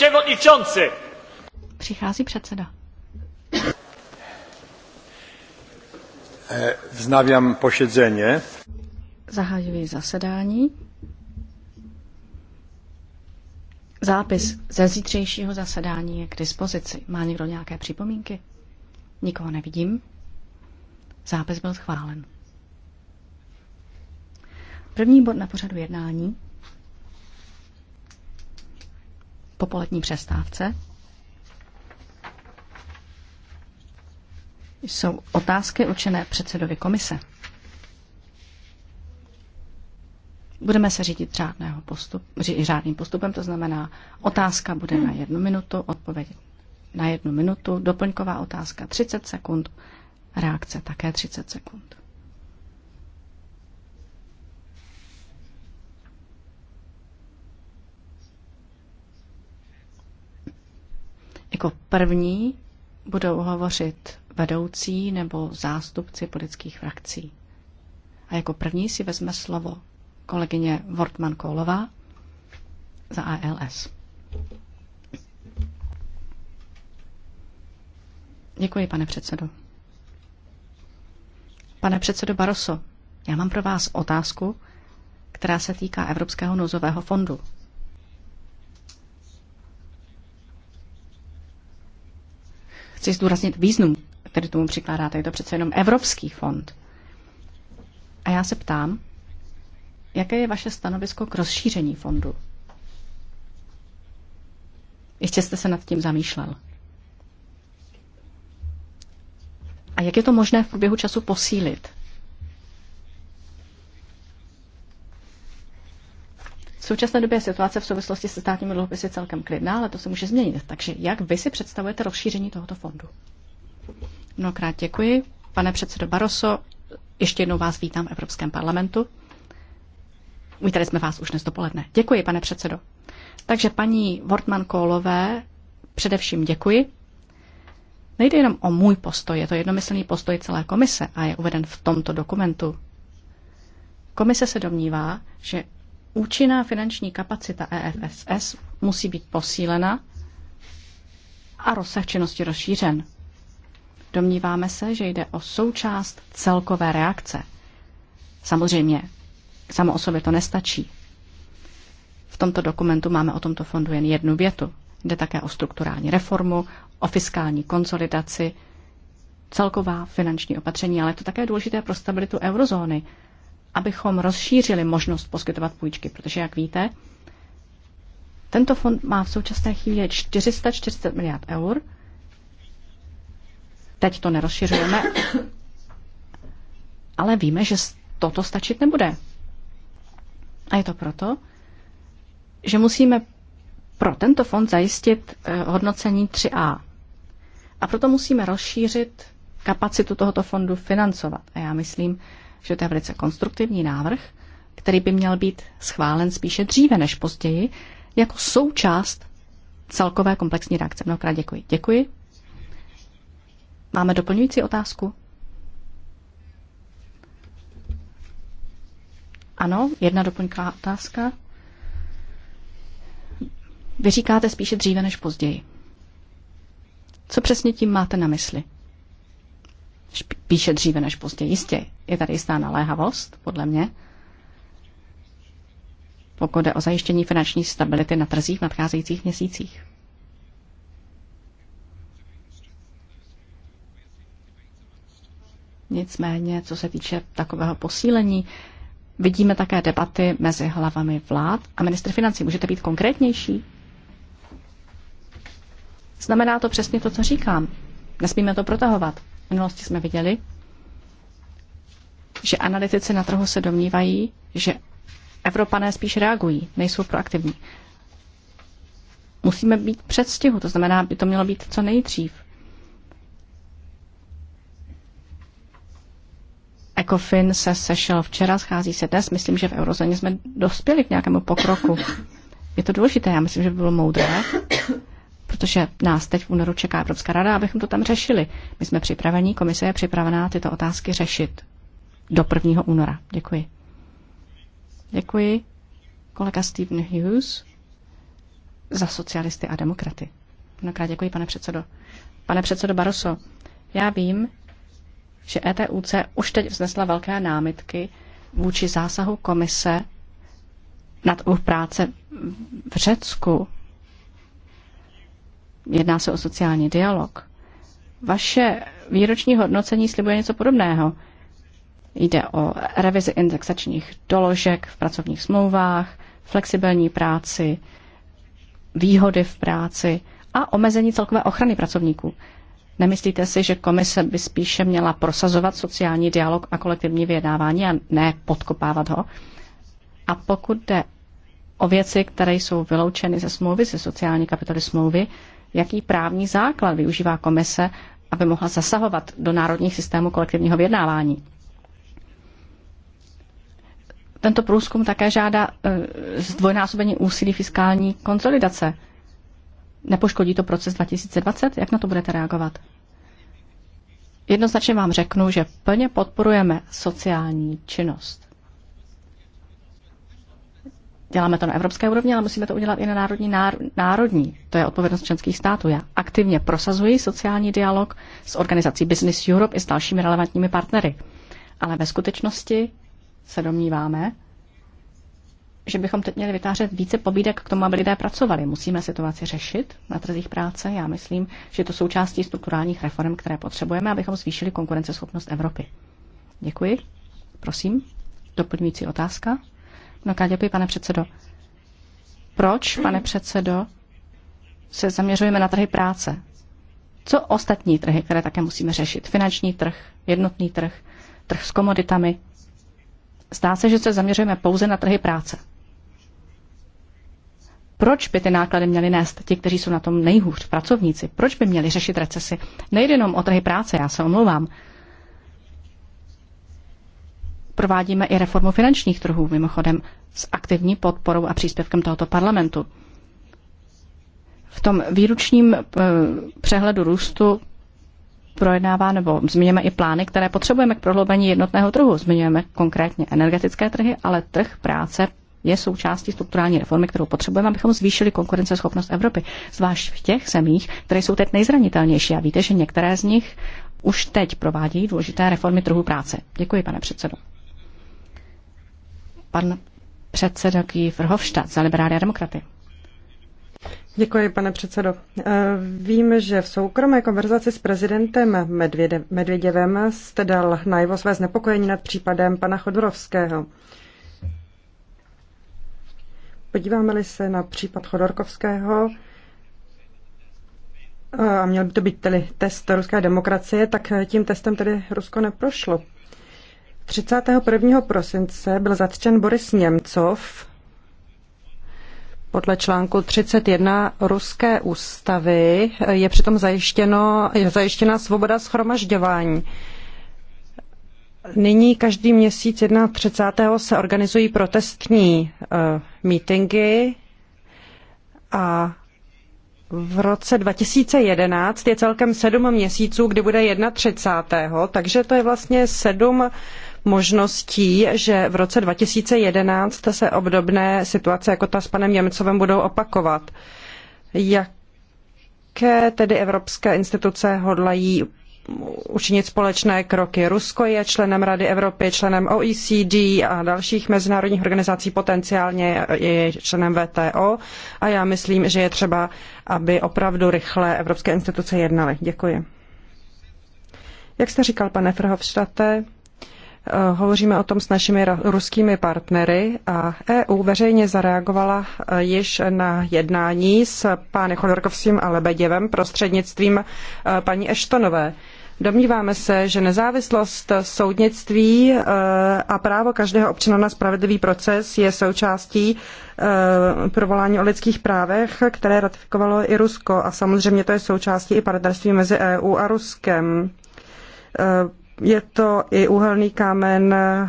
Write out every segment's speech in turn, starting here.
przewodniczący! Přichází předseda. Vznávám eh, pošedzeně. Zahajuji zasedání. Zápis ze zítřejšího zasedání je k dispozici. Má někdo nějaké připomínky? Nikoho nevidím. Zápis byl schválen. První bod na pořadu jednání popolední přestávce. Jsou otázky určené předsedovi komise. Budeme se řídit řádného postup, řádným postupem, to znamená, otázka bude na jednu minutu, odpověď na jednu minutu, doplňková otázka 30 sekund, reakce také 30 sekund. Jako první budou hovořit vedoucí nebo zástupci politických frakcí. A jako první si vezme slovo kolegyně Wortman Kolová za ALS. Děkuji, pane předsedo. Pane předsedo Baroso, já mám pro vás otázku, která se týká Evropského nouzového fondu. Chci zdůraznit význam, který tomu přikládáte. Je to přece jenom Evropský fond. A já se ptám, jaké je vaše stanovisko k rozšíření fondu? Ještě jste se nad tím zamýšlel. A jak je to možné v průběhu času posílit? současné době je situace v souvislosti se státními dluhopisy celkem klidná, ale to se může změnit. Takže jak vy si představujete rozšíření tohoto fondu? Mnohokrát děkuji. Pane předsedo Baroso, ještě jednou vás vítám v Evropském parlamentu. Vítali jsme vás už dnes dopoledne. Děkuji, pane předsedo. Takže paní Wortman Kólové především děkuji. Nejde jenom o můj postoj, je to jednomyslný postoj celé komise a je uveden v tomto dokumentu. Komise se domnívá, že Účinná finanční kapacita EFSS musí být posílena a rozsah činnosti rozšířen. Domníváme se, že jde o součást celkové reakce. Samozřejmě, samo o sobě to nestačí. V tomto dokumentu máme o tomto fondu jen jednu větu. Jde také o strukturální reformu, o fiskální konsolidaci, celková finanční opatření, ale je to také důležité pro stabilitu eurozóny abychom rozšířili možnost poskytovat půjčky, protože, jak víte, tento fond má v současné chvíli 440 miliard eur. Teď to nerozšiřujeme, ale víme, že toto stačit nebude. A je to proto, že musíme pro tento fond zajistit eh, hodnocení 3A. A proto musíme rozšířit kapacitu tohoto fondu financovat. A já myslím, že to je velice konstruktivní návrh, který by měl být schválen spíše dříve než později, jako součást celkové komplexní reakce. Mnohokrát děkuji. Děkuji. Máme doplňující otázku? Ano, jedna doplňková otázka. Vy říkáte spíše dříve než později. Co přesně tím máte na mysli? Spíše dříve než později, jistě. Je tady jistá naléhavost, podle mě, pokud jde o zajištění finanční stability na trzích v nadcházejících měsících. Nicméně, co se týče takového posílení, vidíme také debaty mezi hlavami vlád a ministr financí. Můžete být konkrétnější? Znamená to přesně to, co říkám. Nesmíme to protahovat. V minulosti jsme viděli, že analytici na trhu se domnívají, že Evropané spíš reagují, nejsou proaktivní. Musíme být předstihu, to znamená, by to mělo být co nejdřív. ECOFIN se sešel včera, schází se dnes. Myslím, že v eurozóně jsme dospěli k nějakému pokroku. Je to důležité, já myslím, že by bylo moudré, protože nás teď v únoru čeká Evropská rada, abychom to tam řešili. My jsme připraveni, komise je připravená tyto otázky řešit do 1. února. Děkuji. Děkuji. Kolega Stephen Hughes za socialisty a demokraty. Mnohokrát děkuji, pane předsedo. Pane předsedo Baroso, já vím, že ETUC už teď vznesla velké námitky vůči zásahu komise nad úh práce v Řecku. Jedná se o sociální dialog. Vaše výroční hodnocení slibuje něco podobného. Jde o revizi indexačních doložek v pracovních smlouvách, flexibilní práci, výhody v práci a omezení celkové ochrany pracovníků. Nemyslíte si, že komise by spíše měla prosazovat sociální dialog a kolektivní vyjednávání a ne podkopávat ho? A pokud jde o věci, které jsou vyloučeny ze smlouvy, ze sociální kapitoly smlouvy, jaký právní základ využívá komise, aby mohla zasahovat do národních systémů kolektivního vyjednávání? Tento průzkum také žádá e, zdvojnásobení úsilí fiskální konsolidace. Nepoškodí to proces 2020? Jak na to budete reagovat? Jednoznačně vám řeknu, že plně podporujeme sociální činnost. Děláme to na evropské úrovni, ale musíme to udělat i na národní. národní. To je odpovědnost členských států. Já aktivně prosazuji sociální dialog s organizací Business Europe i s dalšími relevantními partnery. Ale ve skutečnosti se domníváme, že bychom teď měli vytvářet více pobídek k tomu, aby lidé pracovali. Musíme situaci řešit na trzích práce. Já myslím, že to součástí strukturálních reform, které potřebujeme, abychom zvýšili konkurenceschopnost Evropy. Děkuji. Prosím, doplňující otázka. No, děkuji, pane předsedo. Proč, pane předsedo, se zaměřujeme na trhy práce? Co ostatní trhy, které také musíme řešit? Finanční trh, jednotný trh, trh s komoditami, Zdá se, že se zaměřujeme pouze na trhy práce. Proč by ty náklady měli nést ti, kteří jsou na tom nejhůř, pracovníci? Proč by měli řešit recesi? Nejde jenom o trhy práce, já se omlouvám. Provádíme i reformu finančních trhů, mimochodem, s aktivní podporou a příspěvkem tohoto parlamentu. V tom výručním eh, přehledu růstu projednává nebo zmiňujeme i plány, které potřebujeme k prohloubení jednotného trhu. Zmiňujeme konkrétně energetické trhy, ale trh práce je součástí strukturální reformy, kterou potřebujeme, abychom zvýšili konkurenceschopnost Evropy, zvlášť v těch zemích, které jsou teď nejzranitelnější. A víte, že některé z nich už teď provádějí důležité reformy trhu práce. Děkuji, pane předsedo. Pan předseda Kýv Verhofstadt za liberální demokraty. Děkuji, pane předsedo. Eh, vím, že v soukromé konverzaci s prezidentem Medvěděvem jste dal najevo své znepokojení nad případem pana Chodorovského. Podíváme-li se na případ Chodorkovského, eh, a měl by to být tedy test ruské demokracie, tak eh, tím testem tedy Rusko neprošlo. 31. prosince byl zatčen Boris Němcov, podle článku 31 ruské ústavy je přitom zajištěno, je zajištěna svoboda schromažďování. Nyní každý měsíc 31. se organizují protestní uh, mítingy a v roce 2011 je celkem sedm měsíců, kdy bude 31. Takže to je vlastně sedm možností, že v roce 2011 se obdobné situace jako ta s panem Němcovem budou opakovat. Jaké tedy evropské instituce hodlají učinit společné kroky. Rusko je členem Rady Evropy, členem OECD a dalších mezinárodních organizací, potenciálně je členem VTO a já myslím, že je třeba, aby opravdu rychle evropské instituce jednaly. Děkuji. Jak jste říkal, pane Frhovštate, Eh, hovoříme o tom s našimi ruskými partnery a EU veřejně zareagovala eh, již na jednání s pány Chodorkovským a Lebeděvem prostřednictvím eh, paní Eštonové. Domníváme se, že nezávislost soudnictví a právo každého občana na spravedlivý proces je součástí provolání o lidských právech, které ratifikovalo i Rusko a samozřejmě to je součástí i partnerství mezi EU a Ruskem je to i úhelný kámen eh,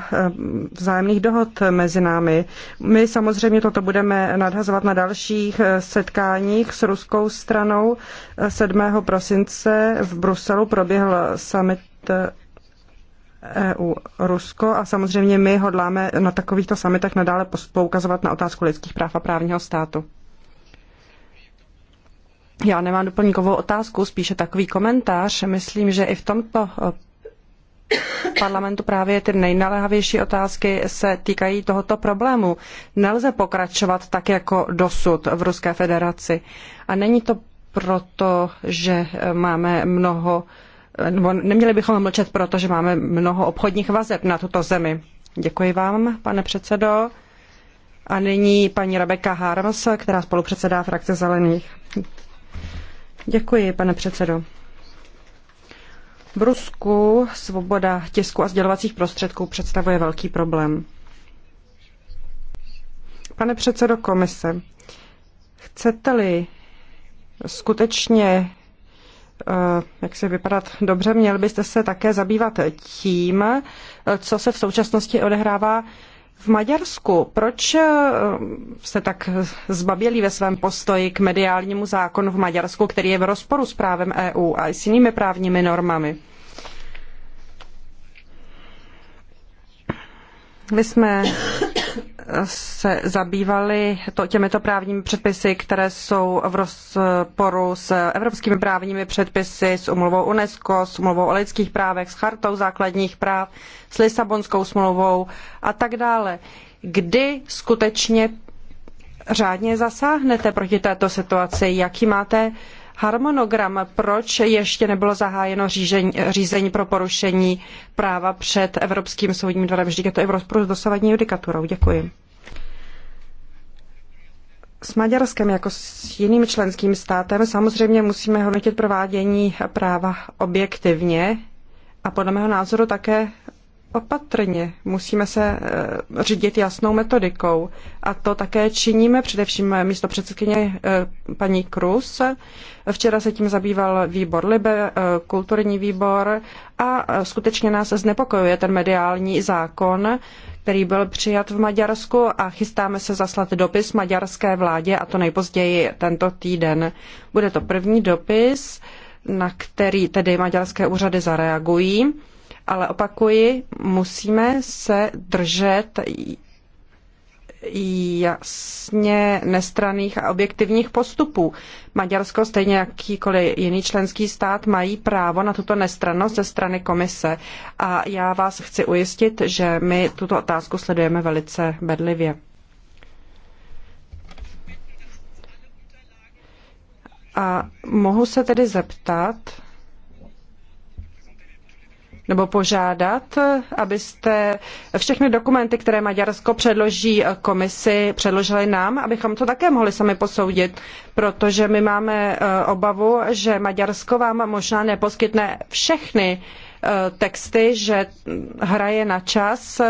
vzájemných dohod mezi námi. My samozřejmě toto budeme nadhazovat na dalších eh, setkáních s ruskou stranou. 7. Eh, prosince v Bruselu proběhl summit EU e Rusko a samozřejmě my hodláme na takovýchto summitech nadále poukazovat na otázku lidských práv a právního státu. Já nemám doplňkovou otázku, spíše takový komentář. Myslím, že i v tomto parlamentu právě ty nejnaléhavější otázky se týkají tohoto problému. Nelze pokračovat tak jako dosud v Ruské federaci. A není to proto, že máme mnoho, nebo neměli bychom mlčet proto, že máme mnoho obchodních vazeb na tuto zemi. Děkuji vám, pane předsedo. A nyní paní Rebeka Harms, která spolupředsedá frakce Zelených. Děkuji, pane předsedo. V Rusku svoboda tisku a sdělovacích prostředků představuje velký problém. Pane předsedo komise, chcete-li skutečně eh, jak si vypadat dobře, měl byste se také zabývat tím, co se v současnosti odehrává v Maďarsku. Proč jste eh, tak zbabělí ve svém postoji k mediálnímu zákonu v Maďarsku, který je v rozporu s právem EU a s jinými právními normami? My jsme se zabývali to, těmito právními předpisy, které jsou v rozporu s evropskými právními předpisy, s umluvou UNESCO, s umluvou o lidských právech, s chartou základních práv, s Lisabonskou smlouvou a tak dále. Kdy skutečně řádně zasáhnete proti této situaci? Jaký máte harmonogram, proč ještě nebylo zahájeno řízení, řízení pro porušení práva před Evropským soudním dvorem. Vždyť je to i v rozporu s dosavadní judikaturou. Děkuji s Maďarskem jako s jiným členským státem samozřejmě musíme hodnotit provádění práva objektivně a podle mého názoru také opatrně. Musíme se eh, řídit jasnou metodikou a to také činíme především místo předsedkyně eh, paní Krus. Včera se tím zabýval výbor Libe, eh, kulturní výbor a skutečně nás znepokojuje ten mediální zákon, který byl přijat v Maďarsku a chystáme se zaslat dopis maďarské vládě a to nejpozději tento týden. Bude to první dopis, na který tedy maďarské úřady zareagují, ale opakuji, musíme se držet jasně nestraných a objektivních postupů. Maďarsko, stejně jakýkoliv jiný členský stát, mají právo na tuto nestrannost ze strany komise. A já vás chci ujistit, že my tuto otázku sledujeme velice bedlivě. A mohu se tedy zeptat, nebo požádat, abyste všechny dokumenty, které Maďarsko předloží komisi, předložili nám, abychom to také mohli sami posoudit, protože my máme eh, obavu, že Maďarsko vám možná neposkytne všechny eh, texty, že hraje na čas.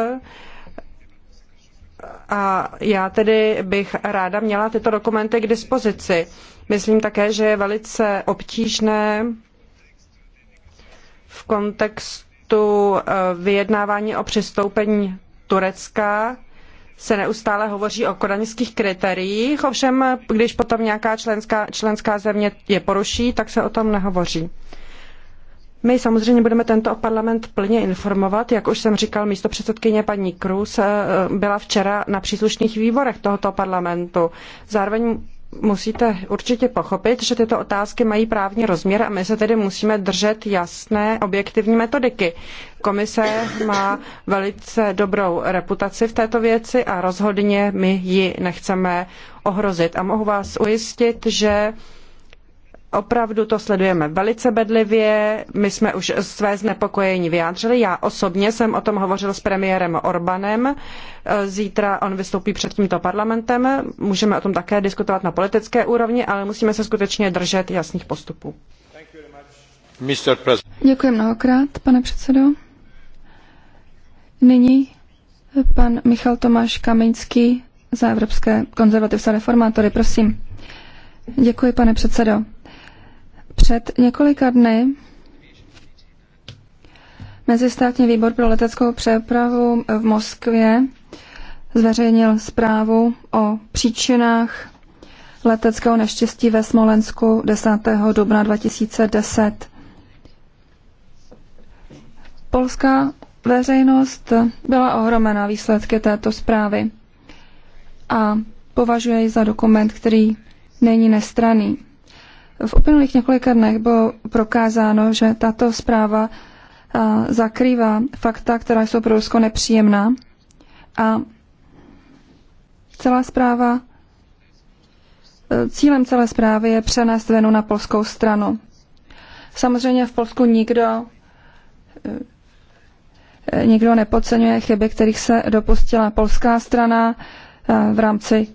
A já tedy bych ráda měla tyto dokumenty k dispozici. Myslím také, že je velice obtížné v kontextu tu eh, vyjednávání o přistoupení Turecka se neustále hovoří o kodaňských kritériích, ovšem když potom nějaká členská, členská země je poruší, tak se o tom nehovoří. My samozřejmě budeme tento parlament plně informovat. Jak už jsem říkal, místo předsedkyně paní Krus eh, byla včera na příslušných výborech tohoto parlamentu. Zároveň musíte určitě pochopit, že tyto otázky mají právní rozměr a my se tedy musíme držet jasné objektivní metodiky. Komise má velice dobrou reputaci v této věci a rozhodně my ji nechceme ohrozit. A mohu vás ujistit, že Opravdu to sledujeme velice bedlivě. My jsme už své znepokojení vyjádřili. Já osobně jsem o tom hovořil s premiérem Orbanem. Zítra on vystoupí před tímto parlamentem. Můžeme o tom také diskutovat na politické úrovni, ale musíme se skutečně držet jasných postupů. Děkuji mnohokrát, pane předsedo. Nyní pan Michal Tomáš Kameňský za Evropské konzervativce a reformátory. Prosím. Děkuji, pane předsedo. Před několika dny Mezistátní výbor pro leteckou přepravu v Moskvě zveřejnil zprávu o příčinách leteckého neštěstí ve Smolensku 10. dubna 2010. Polská veřejnost byla ohromena výsledky této zprávy a považuje ji za dokument, který není nestraný. V uplynulých několika dnech bylo prokázáno, že tato zpráva zakrývá fakta, která jsou pro Rusko nepříjemná. A celá zpráva, e, cílem celé zprávy je přenést venu na polskou stranu. Samozřejmě v Polsku nikdo e, e, nikdo nepodceňuje chyby, kterých se dopustila polská strana v rámci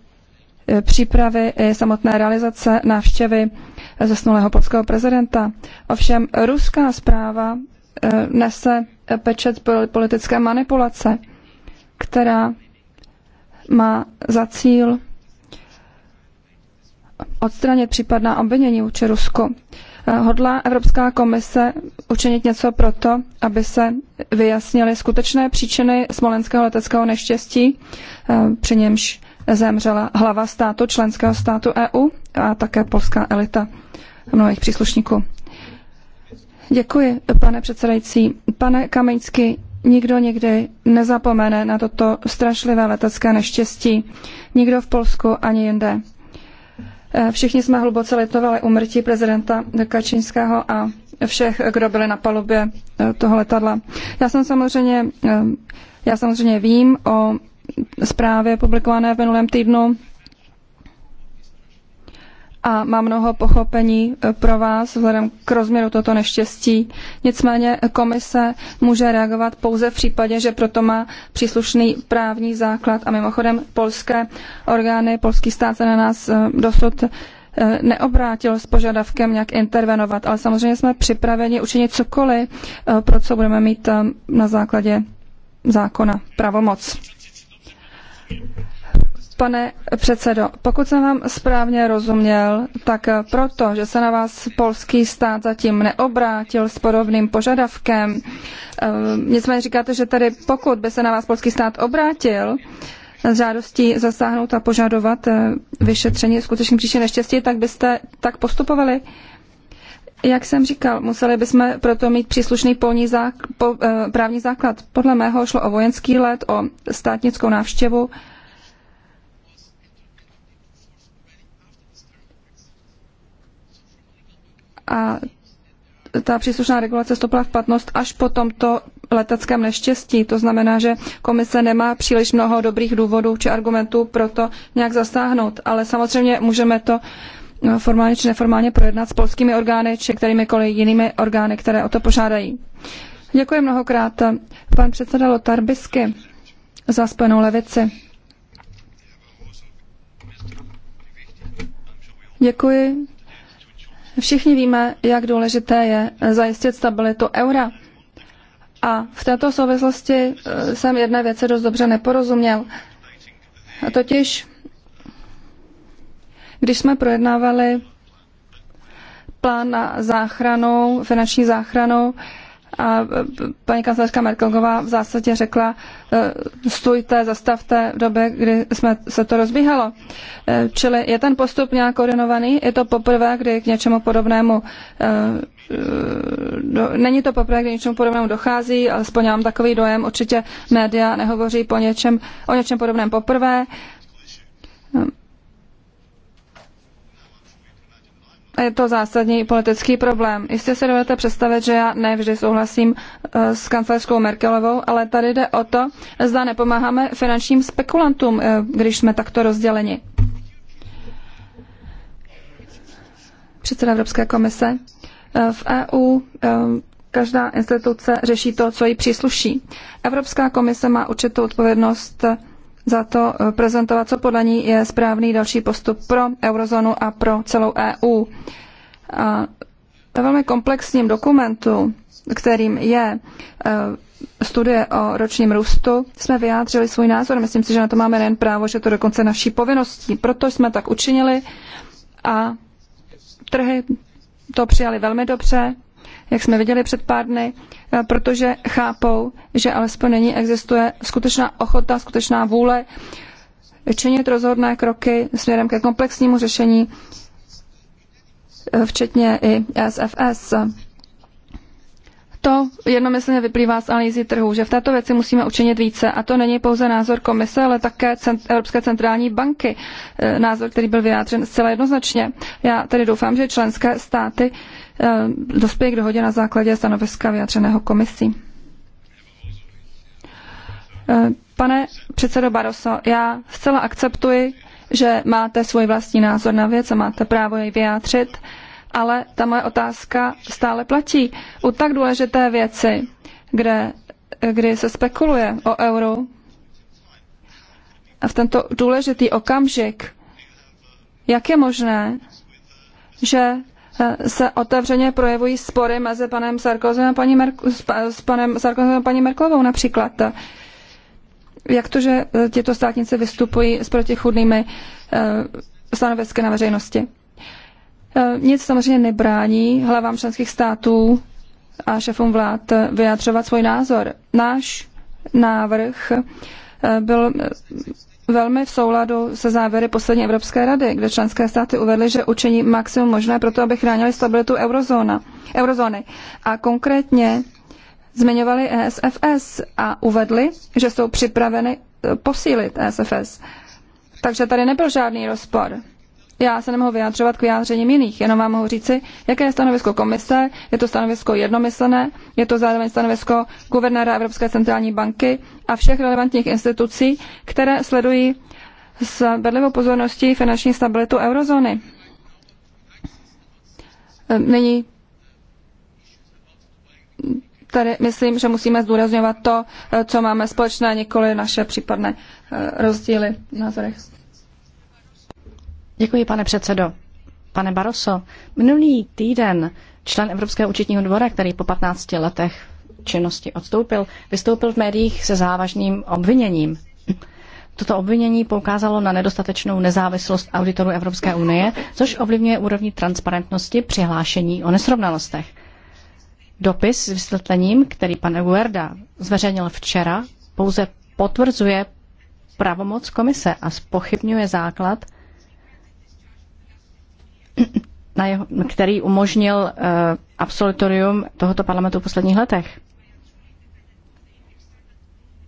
přípravy i samotné realizace návštěvy zesnulého polského prezidenta. Ovšem ruská zpráva eh, nese eh, pečet politické manipulace, která má za cíl odstranit případná obvinění vůči Rusku. Eh, hodlá Evropská komise učinit něco proto, aby se vyjasnily skutečné příčiny smolenského leteckého neštěstí, při němž zemřela hlava státu, členského státu EU a také polská elita mnohých příslušníků. Děkuji, pane předsedající. Pane Kamiňský, nikdo nikdy nezapomene na toto strašlivé letecké neštěstí. Nikdo v Polsku ani jinde. E, všichni jsme hluboce litovali umrtí prezidenta Kačínského a všech, kdo byli na palubě e, toho letadla. Já jsem samozřejmě, e, já samozřejmě vím o zprávě publikované v minulém týdnu a má mnoho pochopení eh, pro vás vzhledem k rozměru toto neštěstí. Nicméně komise může reagovat pouze v případě, že proto má příslušný právní základ a mimochodem polské orgány, polský stát se na nás eh, dosud eh, neobrátil s požadavkem nějak intervenovat, ale samozřejmě jsme připraveni učinit cokoliv, pro co budeme mít na základě zákona pravomoc. Pane předsedo, pokud jsem vám správně rozuměl, tak proto, že se na vás polský stát zatím neobrátil s podobným požadavkem, eh, nicméně říkáte, že tady pokud by se na vás polský stát obrátil s žádostí zasáhnout a požadovat eh, vyšetření skutečných příčin neštěstí, tak byste tak postupovali? Uh, jak jsem říkal, museli bychom proto mít příslušný polní zák- po, e, právní základ. Podle mého šlo o vojenský let, o státnickou návštěvu. A ta příslušná regulace stopila v platnost až po tomto leteckém neštěstí. To znamená, že komise nemá příliš mnoho dobrých důvodů či argumentů pro to nějak zasáhnout. Ale samozřejmě můžeme to uh, formálně či neformálně projednat s polskými orgány či kterýmikoliv jinými orgány, které o to požádají. Děkuji mnohokrát. Pan předseda Lotar Bisky za spojenou levici. Děkuji. Všichni víme, jak důležité je zajistit stabilitu eura. A v této souvislosti jsem jedné věci dost dobře neporozuměl. A totiž když jsme projednávali plán na záchranu, finanční záchranu, a e, paní kancelářka Merkelová v zásadě řekla, e, stůjte, zastavte v době, kdy jsme se to rozbíhalo. E, čili je ten postup nějak koordinovaný? Je to poprvé, kdy k něčemu podobnému Není to poprvé, kdy něčemu podobnému dochází, alespoň já mám takový dojem, určitě média nehovoří po něčem, o něčem podobném poprvé. je to zásadní politický problém. Jistě si dovedete představit, že já ne vždy souhlasím eh, s kancelářskou Merkelovou, ale tady jde o to, zda nepomáháme finančním spekulantům, eh, když jsme takto rozděleni. Předseda Evropské komise. Eh, v EU každá instituce řeší to, co jí přísluší. Evropská komise má určitou odpovědnost za to eh, prezentovat, co podle ní je správný další postup pro eurozónu a pro celou EU. A ve velmi komplexním dokumentu, kterým je eh, studie o ročním růstu, jsme vyjádřili svůj názor. Myslím si, že na to máme nejen právo, že to dokonce naší povinností. Proto jsme tak učinili a trhy to přijali velmi dobře jak jsme viděli před pár dny, eh, protože chápou, že alespoň není existuje skutečná ochota, skutečná vůle činit rozhodné kroky směrem ke komplexnímu řešení, eh, včetně i SFS. To jednomyslně vyplývá z analýzy trhu, že v této věci musíme učinit více. A to není pouze názor komise, ale také cent, Evropské centrální banky. Eh, názor, který byl vyjádřen zcela jednoznačně. Já tedy doufám, že členské státy Eh, dospěje k dohodě na základě stanoviska vyjadřeného komisí. Eh, pane předsedo Baroso, já zcela akceptuji, že máte svůj vlastní názor na věc a máte právo jej vyjádřit, ale ta moje otázka stále platí. U tak důležité věci, kde, kdy se spekuluje o euro, a v tento důležitý okamžik, jak je možné, že se otevřeně projevují spory mezi panem Sarkozem a paní, Merk- s paní Merklovou například. Jak to, že e, těto státnice vystupují s protichudnými e, stanovisky na veřejnosti? E, nic samozřejmě nebrání hlavám členských států a šéfům vlád vyjadřovat svůj názor. Náš návrh byl velmi v souladu se závěry poslední Evropské rady, kde členské státy uvedly, že učiní maximum možné pro to, aby chránili stabilitu eurozóna, eurozóny. A konkrétně zmiňovali ESFS a uvedli, že jsou připraveny posílit ESFS. Takže tady nebyl žádný rozpor já se nemohu vyjadřovat k vyjádřením jiných, jenom vám mohu říci, jaké je stanovisko komise, je to stanovisko jednomyslné, je to zároveň stanovisko guvernéra Evropské centrální banky a všech relevantních institucí, které sledují s bedlivou pozorností finanční stabilitu eurozóny. Ehm, nyní tady myslím, že musíme zdůrazňovat to, eh, co máme společné, nikoli naše případné eh, rozdíly v názorech. Děkuji, pane předsedo. Pane Baroso, minulý týden člen Evropského účetního dvora, který po 15 letech činnosti odstoupil, vystoupil v médiích se závažným obviněním. Toto obvinění poukázalo na nedostatečnou nezávislost auditorů Evropské unie, což ovlivňuje úrovni transparentnosti přihlášení o nesrovnalostech. Dopis s vysvětlením, který pan Guerda zveřejnil včera, pouze potvrzuje pravomoc komise a spochybňuje základ, na jeho, který umožnil uh, absolutorium tohoto parlamentu v posledních letech.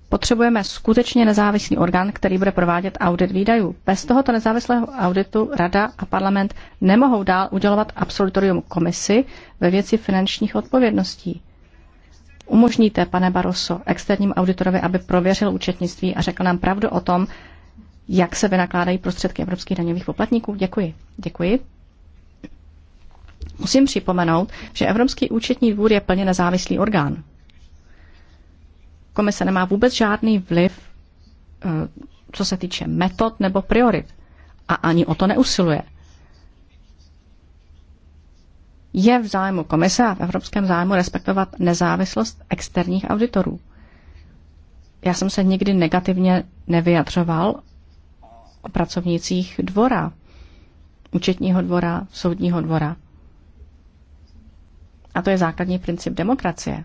Potřebujeme skutečně nezávislý orgán, který bude provádět audit výdajů. Bez tohoto nezávislého auditu Rada a parlament nemohou dál udělovat absolutorium komisi ve věci finančních odpovědností. Umožníte, pane Barroso, externím auditorovi, aby prověřil účetnictví a řekl nám pravdu o tom, jak se vynakládají prostředky evropských daňových poplatníků? Děkuji. Děkuji. Musím připomenout, že Evropský účetní dvůr je plně nezávislý orgán. Komise nemá vůbec žádný vliv, eh, co se týče metod nebo priorit. A ani o to neusiluje. Je v zájmu komise a v evropském zájmu respektovat nezávislost externích auditorů. Já jsem se nikdy negativně nevyjadřoval o pracovnících dvora, účetního dvora, soudního dvora. A to je základní princip demokracie.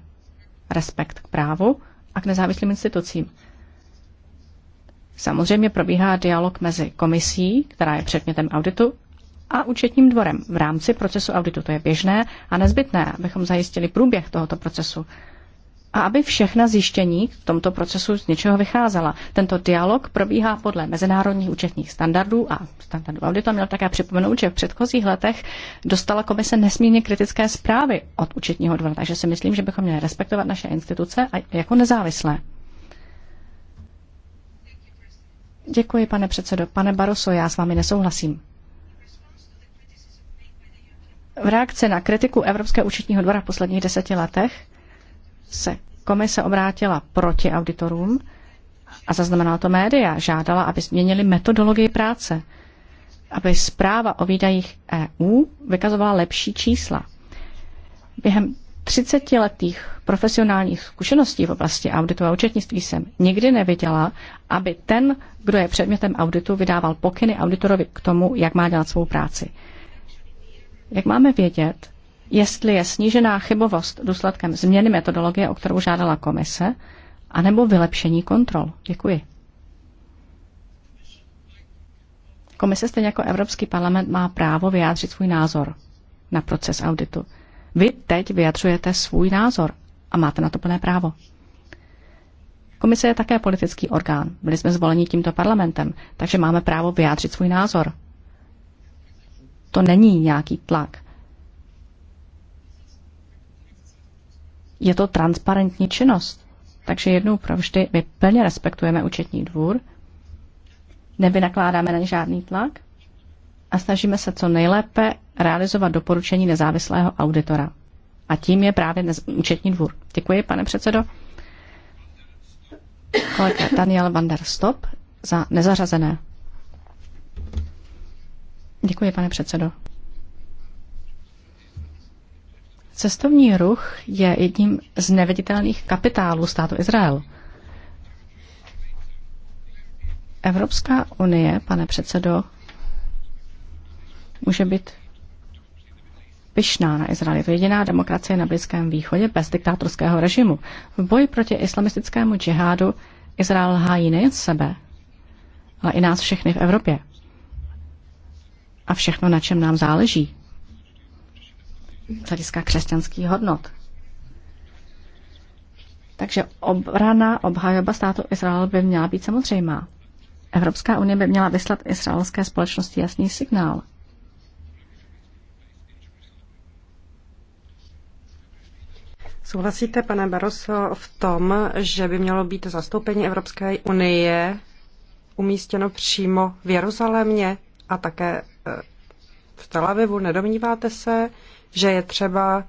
Respekt k právu a k nezávislým institucím. Samozřejmě probíhá dialog mezi komisí, která je předmětem auditu, a účetním dvorem v rámci procesu auditu. To je běžné a nezbytné, abychom zajistili průběh tohoto procesu a aby všechna zjištění v tomto procesu z něčeho vycházela. Tento dialog probíhá podle mezinárodních účetních standardů a standardů auditu. Měl také připomenout, že v předchozích letech dostala komise nesmírně kritické zprávy od účetního dvora, takže si myslím, že bychom měli respektovat naše instituce a jako nezávislé. Děkuji, pane předsedo. Pane Baroso, já s vámi nesouhlasím. V reakci na kritiku Evropského účetního dvora v posledních deseti letech se komise obrátila proti auditorům a zaznamenala to média, žádala, aby změnili metodologii práce, aby zpráva o výdajích EU vykazovala lepší čísla. Během 30 letých profesionálních zkušeností v oblasti auditu a účetnictví jsem nikdy neviděla, aby ten, kdo je předmětem auditu, vydával pokyny auditorovi k tomu, jak má dělat svou práci. Jak máme vědět, jestli je snížená chybovost důsledkem změny metodologie, o kterou žádala komise, anebo vylepšení kontrol. Děkuji. Komise stejně jako Evropský parlament má právo vyjádřit svůj názor na proces auditu. Vy teď vyjadřujete svůj názor a máte na to plné právo. Komise je také politický orgán. Byli jsme zvoleni tímto parlamentem, takže máme právo vyjádřit svůj názor. To není nějaký tlak. je to transparentní činnost. Takže jednou pro vždy my plně respektujeme účetní dvůr, nevynakládáme na ně žádný tlak a snažíme se co nejlépe realizovat doporučení nezávislého auditora. A tím je právě nez... účetní dvůr. Děkuji, pane předsedo. Kolega Daniel van der Stop za nezařazené. Děkuji, pane předsedo. Cestovní ruch je jedním z neviditelných kapitálů státu Izrael. Evropská unie, pane předsedo, může být pyšná na Izrael. Je to jediná demokracie na Blízkém východě bez diktátorského režimu. V boji proti islamistickému džihádu Izrael hájí nejen sebe, ale i nás všechny v Evropě. A všechno, na čem nám záleží z hlediska křesťanských hodnot. Takže obrana, obhajoba státu Izrael by měla být samozřejmá. Evropská unie by měla vyslat izraelské společnosti jasný signál. Souhlasíte, pane Baroso, v tom, že by mělo být zastoupení Evropské unie umístěno přímo v Jeruzalémě a také eh, v Tel Avivu? Nedomníváte se, že je třeba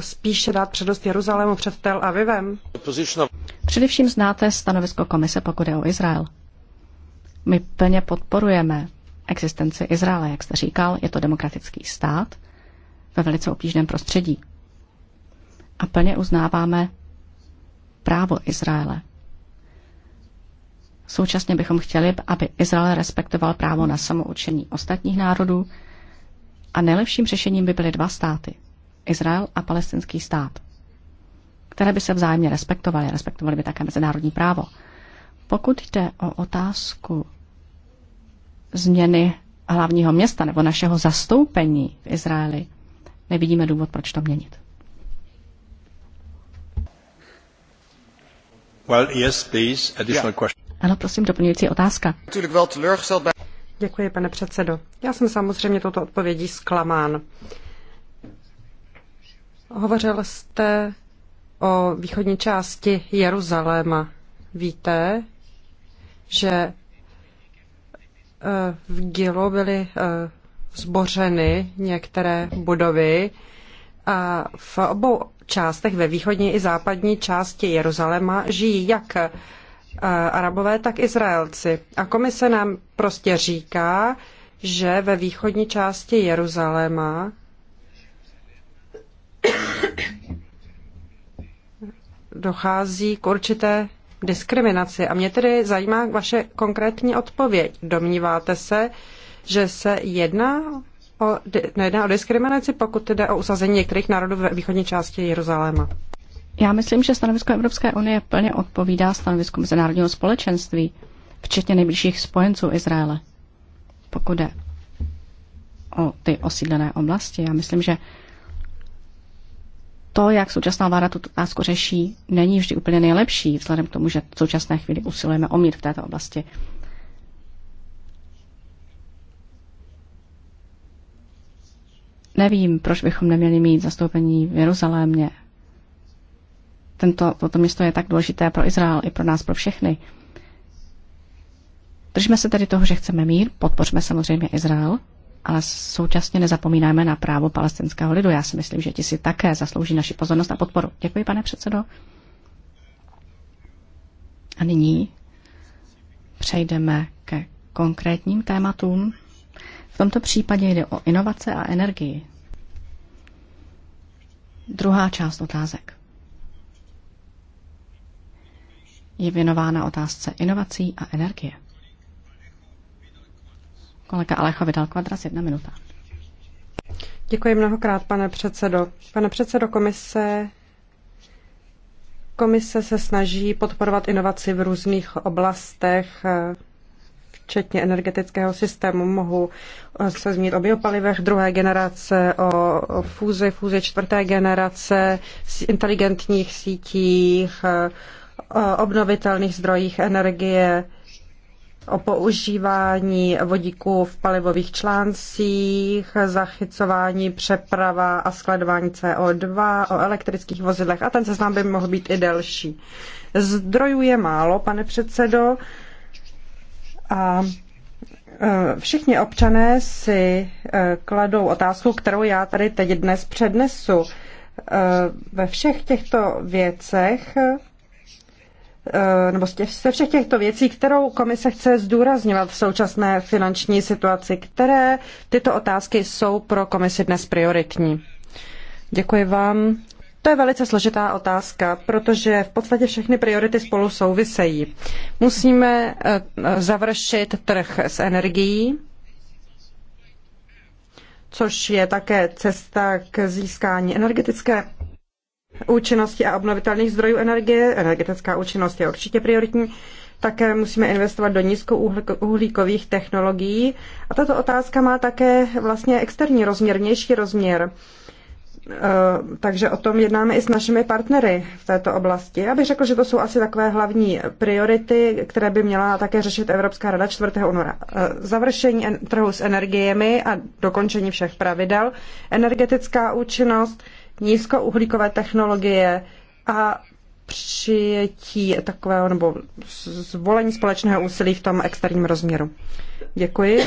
spíše dát přednost Jeruzalému před Tel Avivem? Především znáte stanovisko komise, pokud je o Izrael. My plně podporujeme existenci Izraele, jak jste říkal, je to demokratický stát ve velice obtížném prostředí. A plně uznáváme právo Izraele. Současně bychom chtěli, aby Izrael respektoval právo na samoučení ostatních národů, a nejlepším řešením by byly dva státy. Izrael a palestinský stát, které by se vzájemně respektovaly, respektovaly by také mezinárodní právo. Pokud jde o otázku změny hlavního města nebo našeho zastoupení v Izraeli, nevidíme důvod, proč to měnit. Well, yes, please. Additional yeah. question. Ano, prosím, doplňující otázka. Děkuji, pane předsedo. Já jsem samozřejmě toto odpovědí zklamán. Hovořil jste o východní části Jeruzaléma. Víte, že e, v Gilu byly e, zbořeny některé budovy a v obou částech, ve východní i západní části Jeruzaléma, žijí jak Arabové, tak Izraelci. A komise nám prostě říká, že ve východní části Jeruzaléma dochází k určité diskriminaci. A mě tedy zajímá vaše konkrétní odpověď. Domníváte se, že se jedná o, nejedná o diskriminaci, pokud jde o usazení některých národů ve východní části Jeruzaléma? Já myslím, že stanovisko Evropské unie plně odpovídá stanovisku mezinárodního společenství, včetně nejbližších spojenců Izraele. Pokud jde o ty osídlené oblasti, já myslím, že to, jak současná vláda tuto otázku řeší, není vždy úplně nejlepší, vzhledem k tomu, že v současné chvíli usilujeme o mír v této oblasti. Nevím, proč bychom neměli mít zastoupení v Jeruzalémě, tento, toto město je tak důležité pro Izrael i pro nás, pro všechny. Držme se tedy toho, že chceme mír, podpořme samozřejmě Izrael, ale současně nezapomínáme na právo palestinského lidu. Já si myslím, že ti si také zaslouží naši pozornost a podporu. Děkuji, pane předsedo. A nyní přejdeme ke konkrétním tématům. V tomto případě jde o inovace a energii. Druhá část otázek. je věnována otázce inovací a energie. Kolega Alecho vydal kvadras, jedna minuta. Děkuji mnohokrát, pane předsedo. Pane předsedo komise, komise se snaží podporovat inovaci v různých oblastech, včetně energetického systému. Mohu se zmínit o biopalivech druhé generace, o fúzi, fúzi čtvrté generace, inteligentních sítích, Eh, obnovitelných zdrojích energie, o používání vodíku v palivových článcích, zachycování, přeprava a skladování CO2, o elektrických vozidlech a ten seznam by mohl být i delší. Zdrojů je málo, pane předsedo, a eh, všichni občané si eh, kladou otázku, kterou já tady teď dnes přednesu. Ve všech těchto věcech Eh, nebo ze všech těchto věcí, kterou komise chce zdůrazňovat v současné finanční situaci, které tyto otázky jsou pro komisi dnes prioritní? Děkuji vám. To je velice složitá otázka, protože v podstatě všechny priority spolu souvisejí. Musíme eh, završit trh s energií, což je také cesta k získání energetické účinnosti a obnovitelných zdrojů energie. Energetická účinnost je určitě prioritní. Také musíme investovat do nízkouhlíkových technologií. A tato otázka má také vlastně externí rozměr, vnější rozměr. E, takže o tom jednáme i s našimi partnery v této oblasti. Já bych řekl, že to jsou asi takové hlavní priority, které by měla také řešit Evropská rada 4. února. E, završení trhu s energiemi a dokončení všech pravidel, energetická účinnost, nízkouhlíkové technologie a přijetí takového nebo zvolení společného úsilí v tom externím rozměru. Děkuji.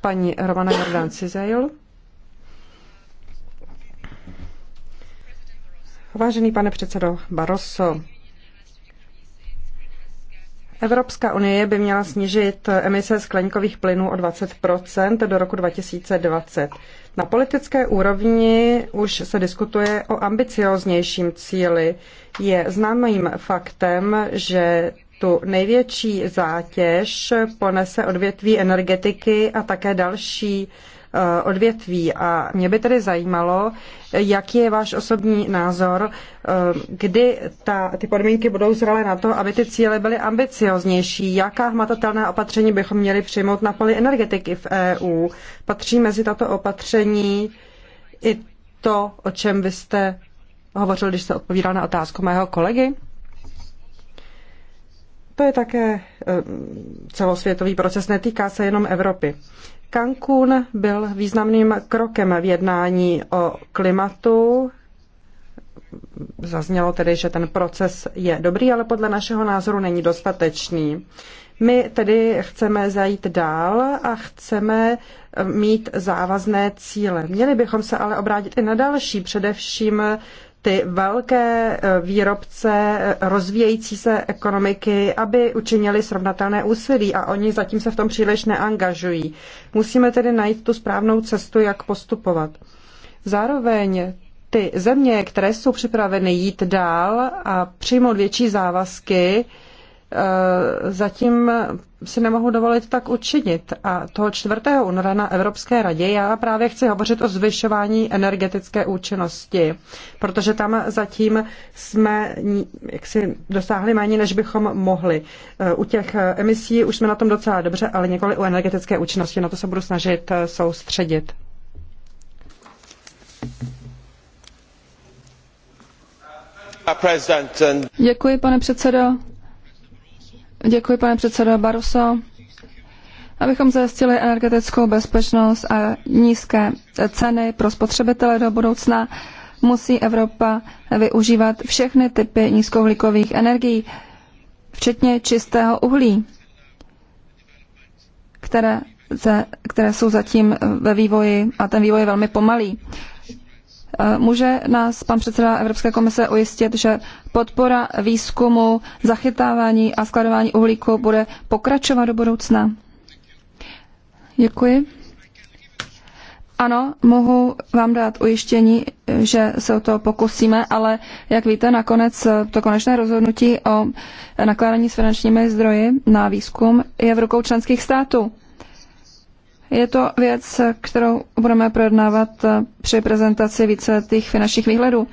Paní Romana Jordán Cizail. Vážený pane předsedo Barroso, Evropská unie by měla snížit emise skleníkových plynů o 20 do roku 2020. Na politické úrovni už se diskutuje o ambicioznějším cíli. Je známým faktem, že tu největší zátěž ponese odvětví energetiky a také další uh, Eh, odvětví. A mě by tedy zajímalo, jaký je váš osobní názor, eh, kdy ta, ty podmínky budou zralé na to, aby ty cíle byly ambicioznější. Jaká hmatatelná opatření bychom měli přijmout na poli energetiky v EU? Patří mezi tato opatření i to, o čem vy jste hovořil, když jste odpovídal na otázku mého kolegy? To je také eh, celosvětový proces, netýká se jenom Evropy. Cancún byl významným krokem v jednání o klimatu. Zaznělo tedy, že ten proces je dobrý, ale podle našeho názoru není dostatečný. My tedy chceme zajít dál a chceme eh, mít závazné cíle. Měli bychom se ale obrátit i na další, především ty velké eh, výrobce eh, rozvíjející se ekonomiky, aby učinili srovnatelné úsilí a oni zatím se v tom příliš neangažují. Musíme tedy najít tu správnou cestu, jak postupovat. Zároveň ty země, které jsou připraveny jít dál a přijmout větší závazky, Eh, zatím si nemohu dovolit tak učinit. A toho 4. února na Evropské radě já právě chci hovořit o zvyšování energetické účinnosti, protože tam zatím jsme jaksi dosáhli méně, než bychom mohli. Eh, u těch emisí už jsme na tom docela dobře, ale nikoli u energetické účinnosti. Na to se budu snažit eh, soustředit. Děkuji, pane předsedo. Děkuji, pane předsedo Baroso. Abychom zajistili energetickou bezpečnost a nízké ceny pro spotřebitele do budoucna, musí Evropa využívat všechny typy nízkouhlíkových energií, včetně čistého uhlí, které, které jsou zatím ve vývoji a ten vývoj je velmi pomalý. Může nás pan předseda Evropské komise ujistit, že podpora výzkumu, zachytávání a skladování uhlíku bude pokračovat do budoucna? Děkuji. Ano, mohu vám dát ujištění, že se o to pokusíme, ale jak víte, nakonec to konečné rozhodnutí o nakládání s finančními zdroji na výzkum je v rukou členských států. Je to věc, kterou budeme projednávat eh, při prezentaci víceletých finančních výhledů.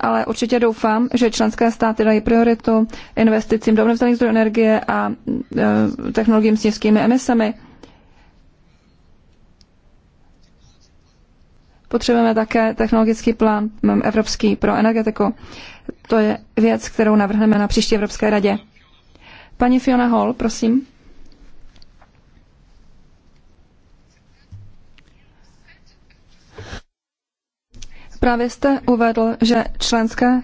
Ale určitě doufám, že členské státy dají prioritu investicím do obnovitelných zdrojů energie a eh, technologiím s nízkými emisemi. Potřebujeme také technologický plán evropský pro energetiku. To je věc, kterou navrhneme na příští Evropské radě. Paní Fiona Hall, prosím. zprávě jste uvedl, že členské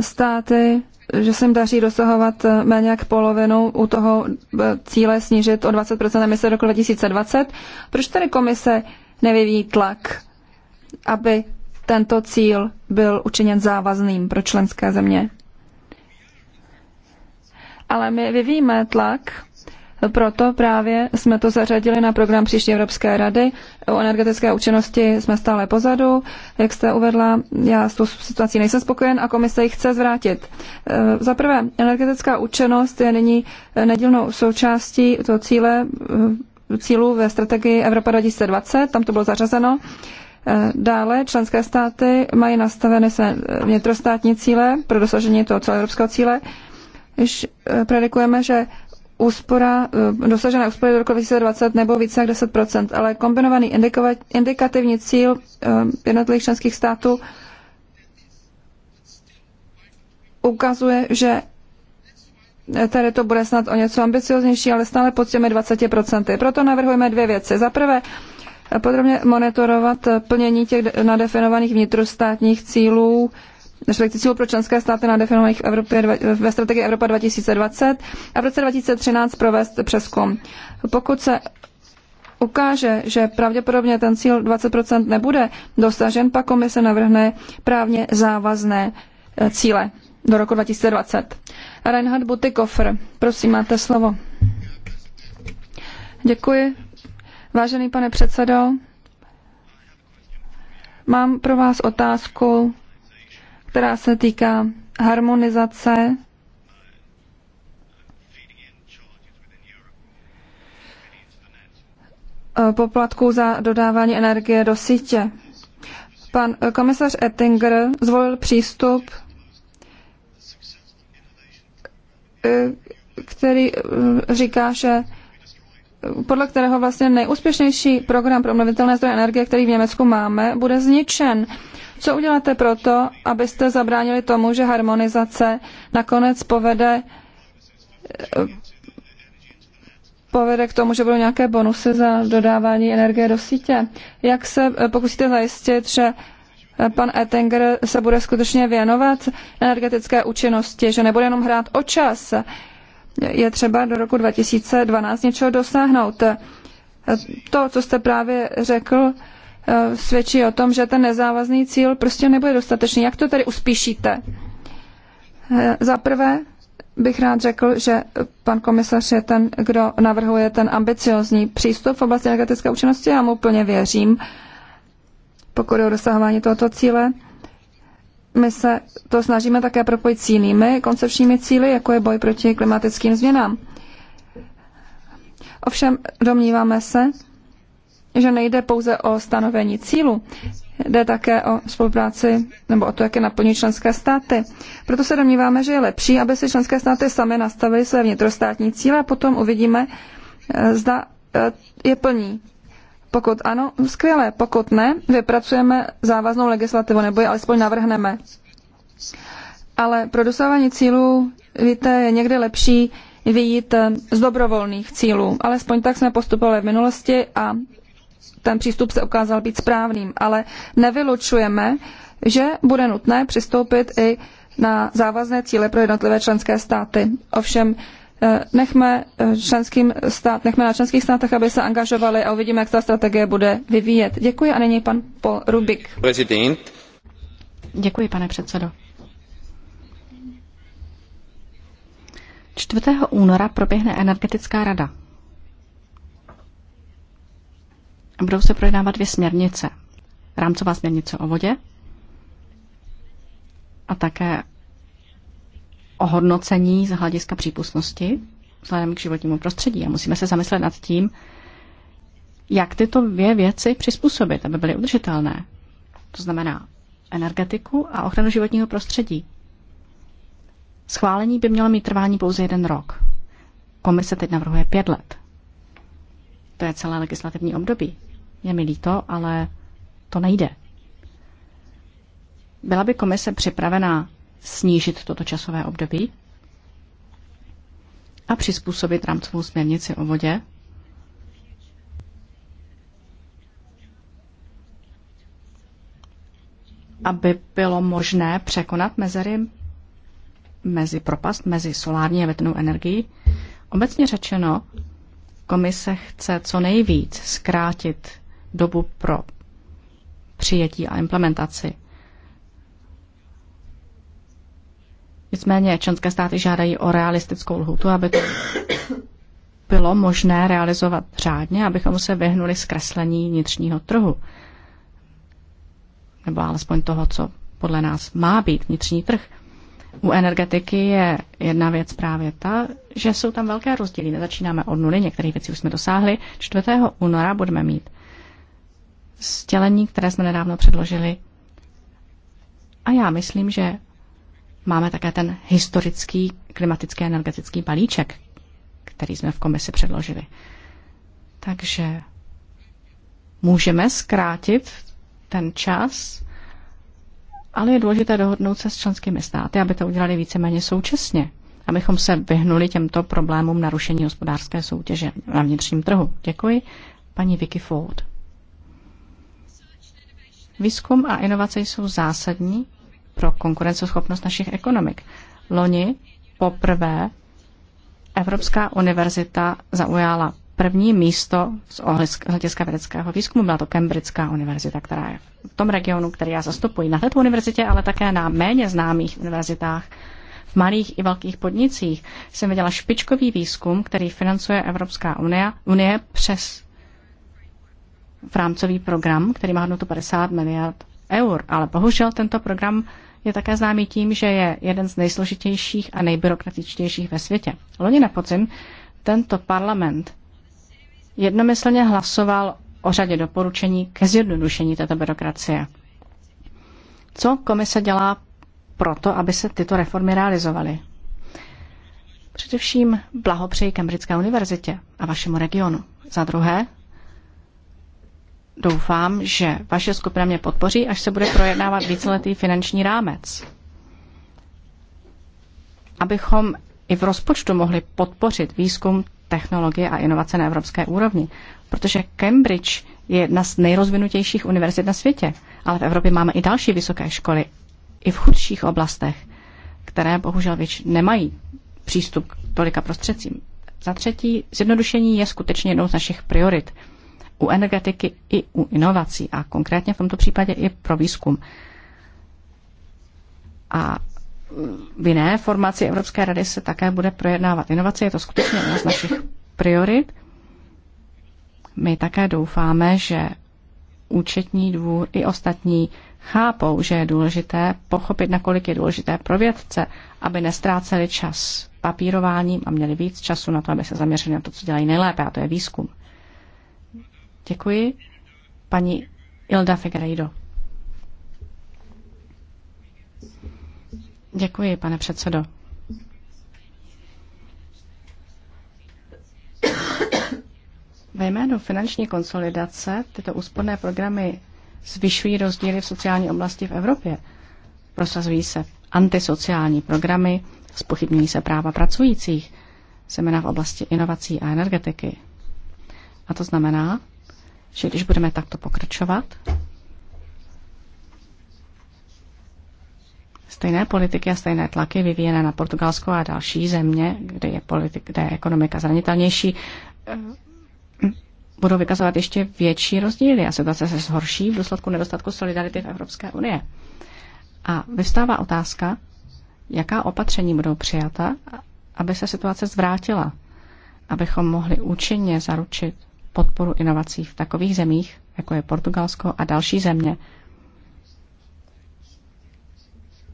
státy, že se jim daří dosahovat eh, méně jak polovinu u toho eh, cíle snížit o 20% emise do roku 2020. Proč tedy komise nevyvíjí tlak, aby tento cíl byl učiněn závazným pro členské země? Ale my vyvíjíme tlak proto právě jsme to zařadili na program příští Evropské rady. O energetické účinnosti jsme stále pozadu. Jak jste uvedla, já s tou situací nejsem spokojen a komise ji chce zvrátit. E, za prvé, energetická účinnost je nyní nedílnou součástí toho cíle, e, cílu ve strategii Evropa 2020, tam to bylo zařazeno. E, dále členské státy mají nastaveny své vnitrostátní cíle pro dosažení toho celoevropského cíle. Když predikujeme, že úspora, eh, dosažená úspory do roku 2020 nebo více jak 10 ale kombinovaný indikativní cíl eh, jednotlivých členských států ukazuje, že eh, tady to bude snad o něco ambicioznější, ale stále pod těmi 20%. Proto navrhujeme dvě věci. Za prvé, podrobně monitorovat plnění těch nadefinovaných vnitrostátních cílů respektive cílů pro členské státy na v Evropě, ve strategii Evropa 2020 a v roce 2013 provést přeskum. Pokud se ukáže, že pravděpodobně ten cíl 20% nebude dosažen, pak komise navrhne právně závazné eh, cíle do roku 2020. Reinhard Butikoffer, prosím, máte slovo. Děkuji. Vážený pane předsedo, mám pro vás otázku která se týká harmonizace eh, poplatků za dodávání energie do sítě. Pan eh, komisař Ettinger zvolil přístup, eh, který říká, že podle kterého vlastně nejúspěšnější program pro obnovitelné zdroje energie, který v Německu máme, bude zničen. Co uděláte proto, abyste zabránili tomu, že harmonizace nakonec povede eh, povede k tomu, že budou nějaké bonusy za dodávání energie do sítě. Jak se eh, pokusíte zajistit, že eh, pan Ettinger se bude skutečně věnovat energetické účinnosti, že nebude jenom hrát o čas. Je třeba do roku 2012 něčeho dosáhnout. To, co jste právě řekl, Eh, svědčí o tom, že ten nezávazný cíl prostě nebude dostatečný. Jak to tady uspíšíte? Eh, za prvé bych rád řekl, že pan komisař je ten, kdo navrhuje ten ambiciozní přístup v oblasti energetické účinnosti. Já mu plně věřím, pokud je o dosahování tohoto cíle. My se to snažíme také propojit s jinými koncepčními cíly, jako je boj proti klimatickým změnám. Ovšem domníváme se, že nejde pouze o stanovení cílu, jde také o spolupráci nebo o to, jak je naplní členské státy. Proto se domníváme, že je lepší, aby si členské státy sami nastavily své vnitrostátní cíle a potom uvidíme, eh, zda eh, je plní. Pokud ano, skvělé. Pokud ne, vypracujeme závaznou legislativu nebo ji alespoň navrhneme. Ale pro dosahování cílů, víte, je někdy lepší vyjít eh, z dobrovolných cílů. Alespoň tak jsme postupovali v minulosti a ten přístup se ukázal být správným, ale nevylučujeme, že bude nutné přistoupit i na závazné cíle pro jednotlivé členské státy. Ovšem eh, nechme, eh, členským stát, nechme na členských státech, aby se angažovali a uvidíme, jak ta strategie bude vyvíjet. Děkuji a nyní pan Paul Rubik. Prezident. Děkuji, pane předsedo. 4. února proběhne energetická rada. budou se projednávat dvě směrnice. Rámcová směrnice o vodě a také o hodnocení z hlediska přípustnosti vzhledem k životnímu prostředí. A musíme se zamyslet nad tím, jak tyto dvě věci přizpůsobit, aby byly udržitelné. To znamená energetiku a ochranu životního prostředí. Schválení by mělo mít trvání pouze jeden rok. Komise teď navrhuje pět let. To je celé legislativní období. Je mi líto, ale to nejde. Byla by komise připravená snížit toto časové období a přizpůsobit rámcovou směrnici o vodě? aby bylo možné překonat mezery mezi propast, mezi solární a větrnou energií. Obecně řečeno, komise chce co nejvíc zkrátit dobu pro přijetí a implementaci. Nicméně členské státy žádají o realistickou lhutu, aby to bylo možné realizovat řádně, abychom se vyhnuli zkreslení vnitřního trhu. Nebo alespoň toho, co podle nás má být vnitřní trh. U energetiky je jedna věc právě ta, že jsou tam velké rozdíly. Nezačínáme od nuly, některých věcí už jsme dosáhli. 4. února budeme mít stělení, které jsme nedávno předložili. A já myslím, že máme také ten historický klimatický a energetický balíček, který jsme v komisi předložili. Takže můžeme zkrátit ten čas, ale je důležité dohodnout se s členskými státy, aby to udělali víceméně současně, abychom se vyhnuli těmto problémům narušení hospodářské soutěže na vnitřním trhu. Děkuji. Paní Vicky Ford. Výzkum a inovace jsou zásadní pro konkurenceschopnost našich ekonomik. Loni poprvé Evropská univerzita zaujala první místo z hlediska vědeckého výzkumu. Byla to Cambridgeská univerzita, která je v tom regionu, který já zastupuji. Na této univerzitě, ale také na méně známých univerzitách, v malých i velkých podnicích jsem viděla špičkový výzkum, který financuje Evropská unie, unie přes v rámcový program, který má hodnotu 50 miliard eur. Ale bohužel tento program je také známý tím, že je jeden z nejsložitějších a nejbyrokratičtějších ve světě. Loni na podzim tento parlament jednomyslně hlasoval o řadě doporučení ke zjednodušení této byrokracie. Co komise dělá proto, aby se tyto reformy realizovaly? Především blahopřeji Cambridgeské univerzitě a vašemu regionu. Za druhé, doufám, že vaše skupina mě podpoří, až se bude projednávat víceletý finanční rámec. Abychom i v rozpočtu mohli podpořit výzkum, technologie a inovace na evropské úrovni. Protože Cambridge je jedna z nejrozvinutějších univerzit na světě, ale v Evropě máme i další vysoké školy, i v chudších oblastech, které bohužel věč nemají přístup k tolika prostředcím. Za třetí, zjednodušení je skutečně jednou z našich priorit u energetiky i u inovací a konkrétně v tomto případě i pro výzkum. A v jiné formaci Evropské rady se také bude projednávat inovace. Je to skutečně jedna z našich priorit. My také doufáme, že účetní dvůr i ostatní chápou, že je důležité pochopit, nakolik je důležité pro vědce, aby nestráceli čas papírováním a měli víc času na to, aby se zaměřili na to, co dělají nejlépe, a to je výzkum. Děkuji. Paní Ilda Figueiredo. Děkuji, pane předsedo. Ve jménu finanční konsolidace tyto úsporné programy zvyšují rozdíly v sociální oblasti v Evropě. Prosazují se antisociální programy, spochybňují se práva pracujících, zejména v oblasti inovací a energetiky. A to znamená, že když budeme takto pokračovat, stejné politiky a stejné tlaky vyvíjené na Portugalsko a další země, kde je, politik, kde je ekonomika zranitelnější, eh, budou vykazovat ještě větší rozdíly a situace se zhorší v důsledku nedostatku solidarity v Evropské unie. A vyvstává otázka, jaká opatření budou přijata, aby se situace zvrátila, abychom mohli účinně zaručit, podporu inovací v takových zemích, jako je Portugalsko a další země,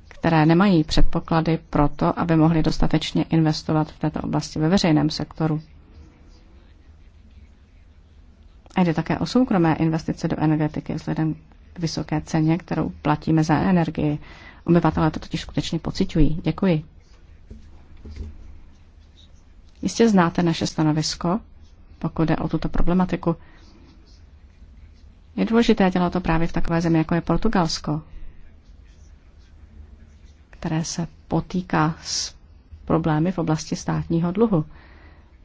které nemají předpoklady pro to, aby mohly dostatečně investovat v této oblasti ve veřejném sektoru. A jde také o soukromé investice do energetiky vzhledem k vysoké ceně, kterou platíme za energii. Obyvatelé to totiž skutečně pociťují. Děkuji. Jistě znáte naše stanovisko pokud jde o tuto problematiku. Je důležité dělat to právě v takové zemi, jako je Portugalsko, které se potýká s problémy v oblasti státního dluhu.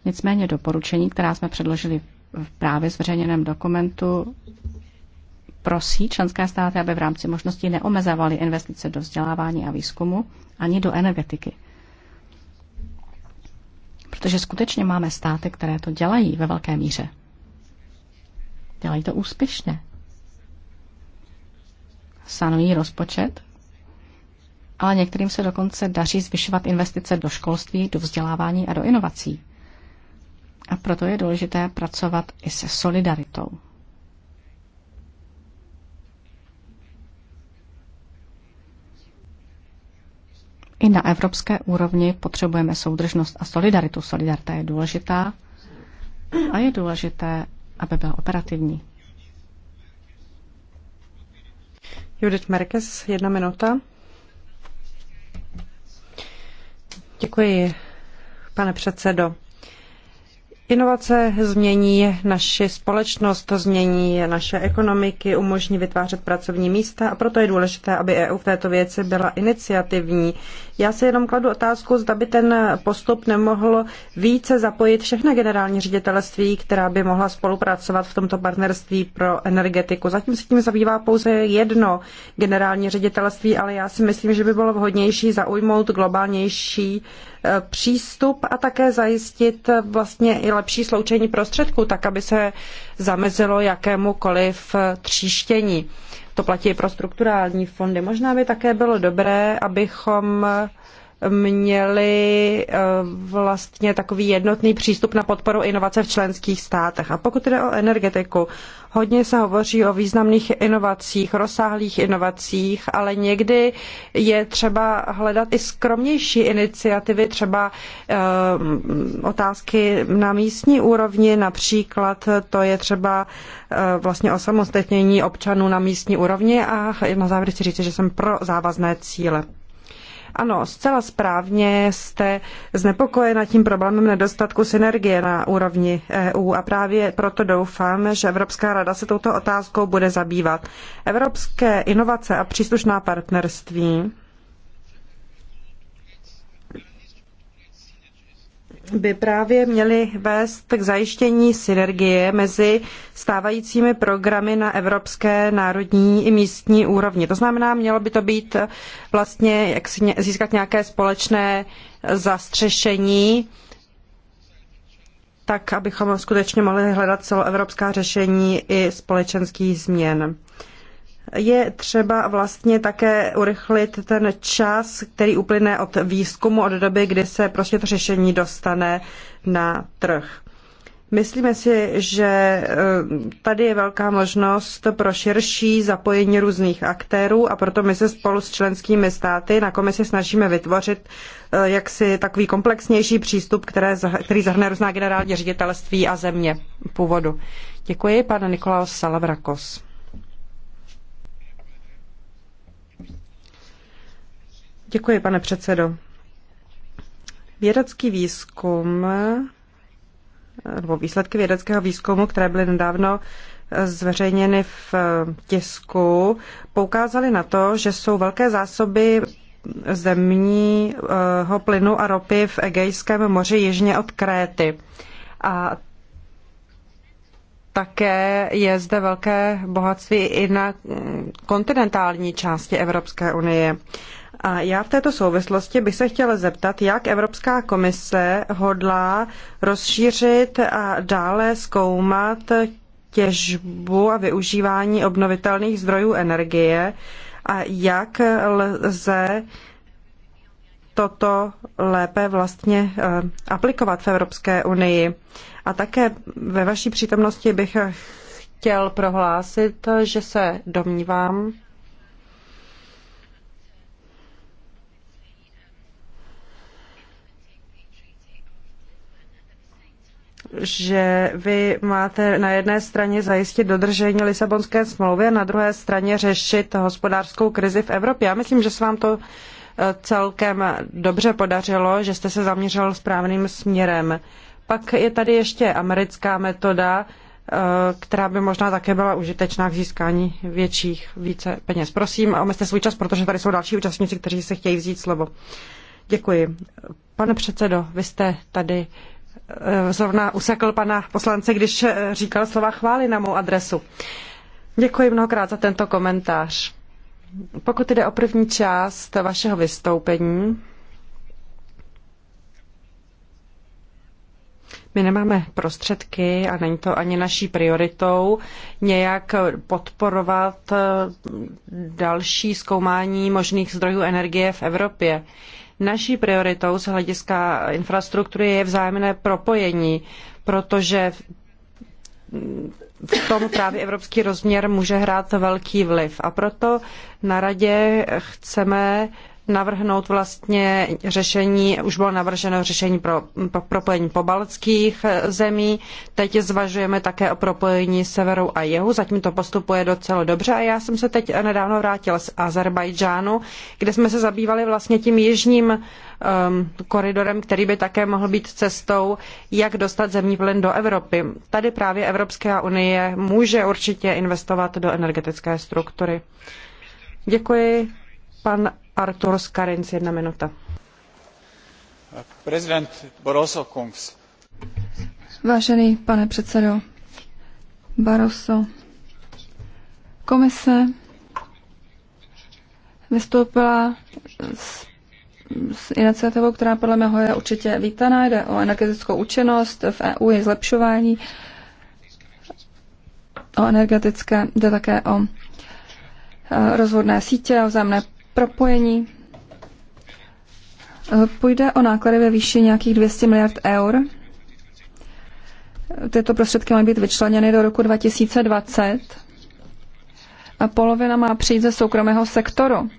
Nicméně doporučení, která jsme předložili v právě zveřejněném dokumentu, prosí členské státy, aby v rámci možností neomezovaly investice do vzdělávání a výzkumu ani do energetiky. Protože skutečně máme státy, které to dělají ve velké míře. Dělají to úspěšně. Sanují rozpočet, ale některým se dokonce daří zvyšovat investice do školství, do vzdělávání a do inovací. A proto je důležité pracovat i se solidaritou. I na evropské úrovni potřebujeme soudržnost a solidaritu. Solidarita je důležitá a je důležité, aby byla operativní. Judith Merkes, jedna minuta. Děkuji, pane předsedo. Inovace změní naši společnost, to změní naše ekonomiky, umožní vytvářet pracovní místa a proto je důležité, aby EU v této věci byla iniciativní. Já si jenom kladu otázku, zda by ten postup nemohl více zapojit všechna generální ředitelství, která by mohla spolupracovat v tomto partnerství pro energetiku. Zatím se tím zabývá pouze jedno generální ředitelství, ale já si myslím, že by bylo vhodnější zaujmout globálnější uh, přístup a také zajistit vlastně i lepší sloučení prostředků, tak aby se zamezilo jakémukoliv tříštění. To platí i pro strukturální fondy. Možná by také bylo dobré, abychom měli eh, vlastně takový jednotný přístup na podporu inovace v členských státech. A pokud jde o energetiku, hodně se hovoří o významných inovacích, rozsáhlých inovacích, ale někdy je třeba hledat i skromnější iniciativy, třeba eh, otázky na místní úrovni, například to je třeba eh, vlastně osamostatnění občanů na místní úrovni a na závěr chci říct, že jsem pro závazné cíle. Ano, zcela správně jste znepokojena tím problémem nedostatku synergie na úrovni EU a právě proto doufám, že Evropská rada se touto otázkou bude zabývat. Evropské inovace a příslušná partnerství by právě měly vést k zajištění synergie mezi stávajícími programy na evropské, národní i místní úrovni. To znamená, mělo by to být eh, vlastně, jak si získat nějaké společné zastřešení, tak abychom skutečně mohli hledat celoevropská řešení i společenských změn je třeba vlastně také urychlit ten čas, který uplyne od výzkumu, od doby, kdy se prostě to řešení dostane na trh. Myslíme si, že eh, tady je velká možnost pro širší zapojení různých aktérů a proto my se spolu s členskými státy na komisi snažíme vytvořit eh, jaksi takový komplexnější přístup, které, který zahrne různá generální ředitelství a země původu. Děkuji, pan Nikolaos Salavrakos. Děkuji, pane předsedo. Vědecký výzkum nebo výsledky vědeckého výzkumu, které byly nedávno eh, zveřejněny v eh, tisku, poukázaly na to, že jsou velké zásoby zemního plynu a ropy v Egejském moři jižně od Kréty. A také je zde velké bohatství i na kontinentální části Evropské unie. A já v této souvislosti bych se chtěla zeptat, jak Evropská komise hodlá rozšířit a dále zkoumat těžbu a využívání obnovitelných zdrojů energie a jak lze toto lépe vlastně eh, aplikovat v Evropské unii. A také ve vaší přítomnosti bych chtěl prohlásit, že se domnívám, že vy máte na jedné straně zajistit dodržení Lisabonské smlouvy a na druhé straně řešit hospodářskou krizi v Evropě. Já myslím, že se vám to eh, celkem dobře podařilo, že jste se zaměřil správným směrem. Pak je tady ještě americká metoda, eh, která by možná také byla užitečná k získání větších více peněz. Prosím, omezte svůj čas, protože tady jsou další účastníci, kteří se chtějí vzít slovo. Děkuji. Pane předsedo, vy jste tady Eh, zrovna usekl pana poslance, když eh, říkal slova chvály na mou adresu. Děkuji mnohokrát za tento komentář. Pokud jde o první část vašeho vystoupení, My nemáme prostředky a není to ani naší prioritou nějak podporovat eh, další zkoumání možných zdrojů energie v Evropě. Naší prioritou z hlediska infrastruktury je vzájemné propojení, protože v tom právě evropský rozměr může hrát velký vliv. A proto na radě chceme navrhnout vlastně řešení, už bylo navrženo řešení pro, pro propojení pobaltských zemí, teď zvažujeme také o propojení severu a jihu, zatím to postupuje docela dobře a já jsem se teď nedávno vrátila z Azerbajdžánu, kde jsme se zabývali vlastně tím jižním um, koridorem, který by také mohl být cestou, jak dostat zemní plyn do Evropy. Tady právě Evropská unie může určitě investovat do energetické struktury. Děkuji. Pan Artur Skarenc, jedna minuta. Prezident Barroso Kungs. Vážený pane předsedo Barroso, komise vystoupila s, s iniciativou, která podle mého je určitě vítaná. Jde o energetickou účinnost v EU, je zlepšování o energetické, jde také o eh, rozvodné sítě, o zájemné propojení. Eh, půjde o náklady ve výši nějakých 200 miliard eur. Tyto prostředky mají být vyčleněny do roku 2020 a polovina má přijít ze soukromého sektoru.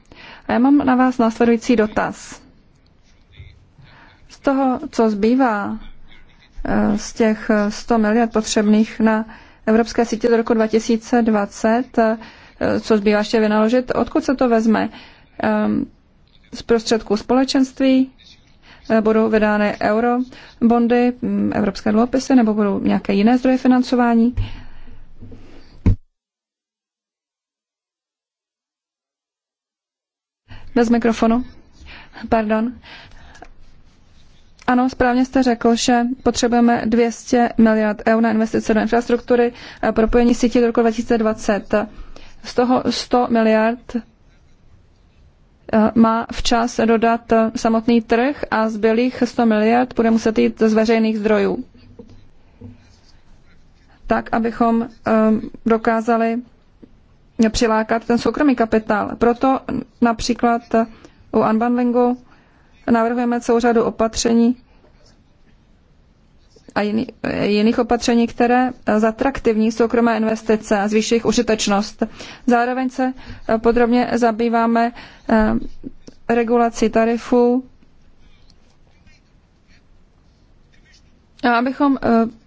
A já mám na vás následující dotaz. Z toho, co zbývá eh, z těch 100 eh, miliard potřebných na Evropské sítě do roku 2020, co zbývá ještě vynaložit, odkud se to vezme? Ehm, z prostředků společenství, eh, budou vydány bondy, hm, evropské dluhopisy nebo budou nějaké jiné zdroje financování. Bez mikrofonu. Pardon. Ano, správně jste řekl, že potřebujeme 200 miliard eur na investice do infrastruktury a propojení sítí do roku 2020. Z toho 100 miliard Eh, má včas dodat eh, samotný trh a zbylých 100 miliard bude muset jít z veřejných zdrojů. Tak, abychom eh, dokázali přilákat ten soukromý kapitál. Proto například u unbundlingu navrhujeme celou řadu opatření, a jiný, jiných opatření, které eh, zatraktivní soukromé investice a zvýší jejich užitečnost. Zároveň se eh, podrobně zabýváme eh, regulací tarifů, A abychom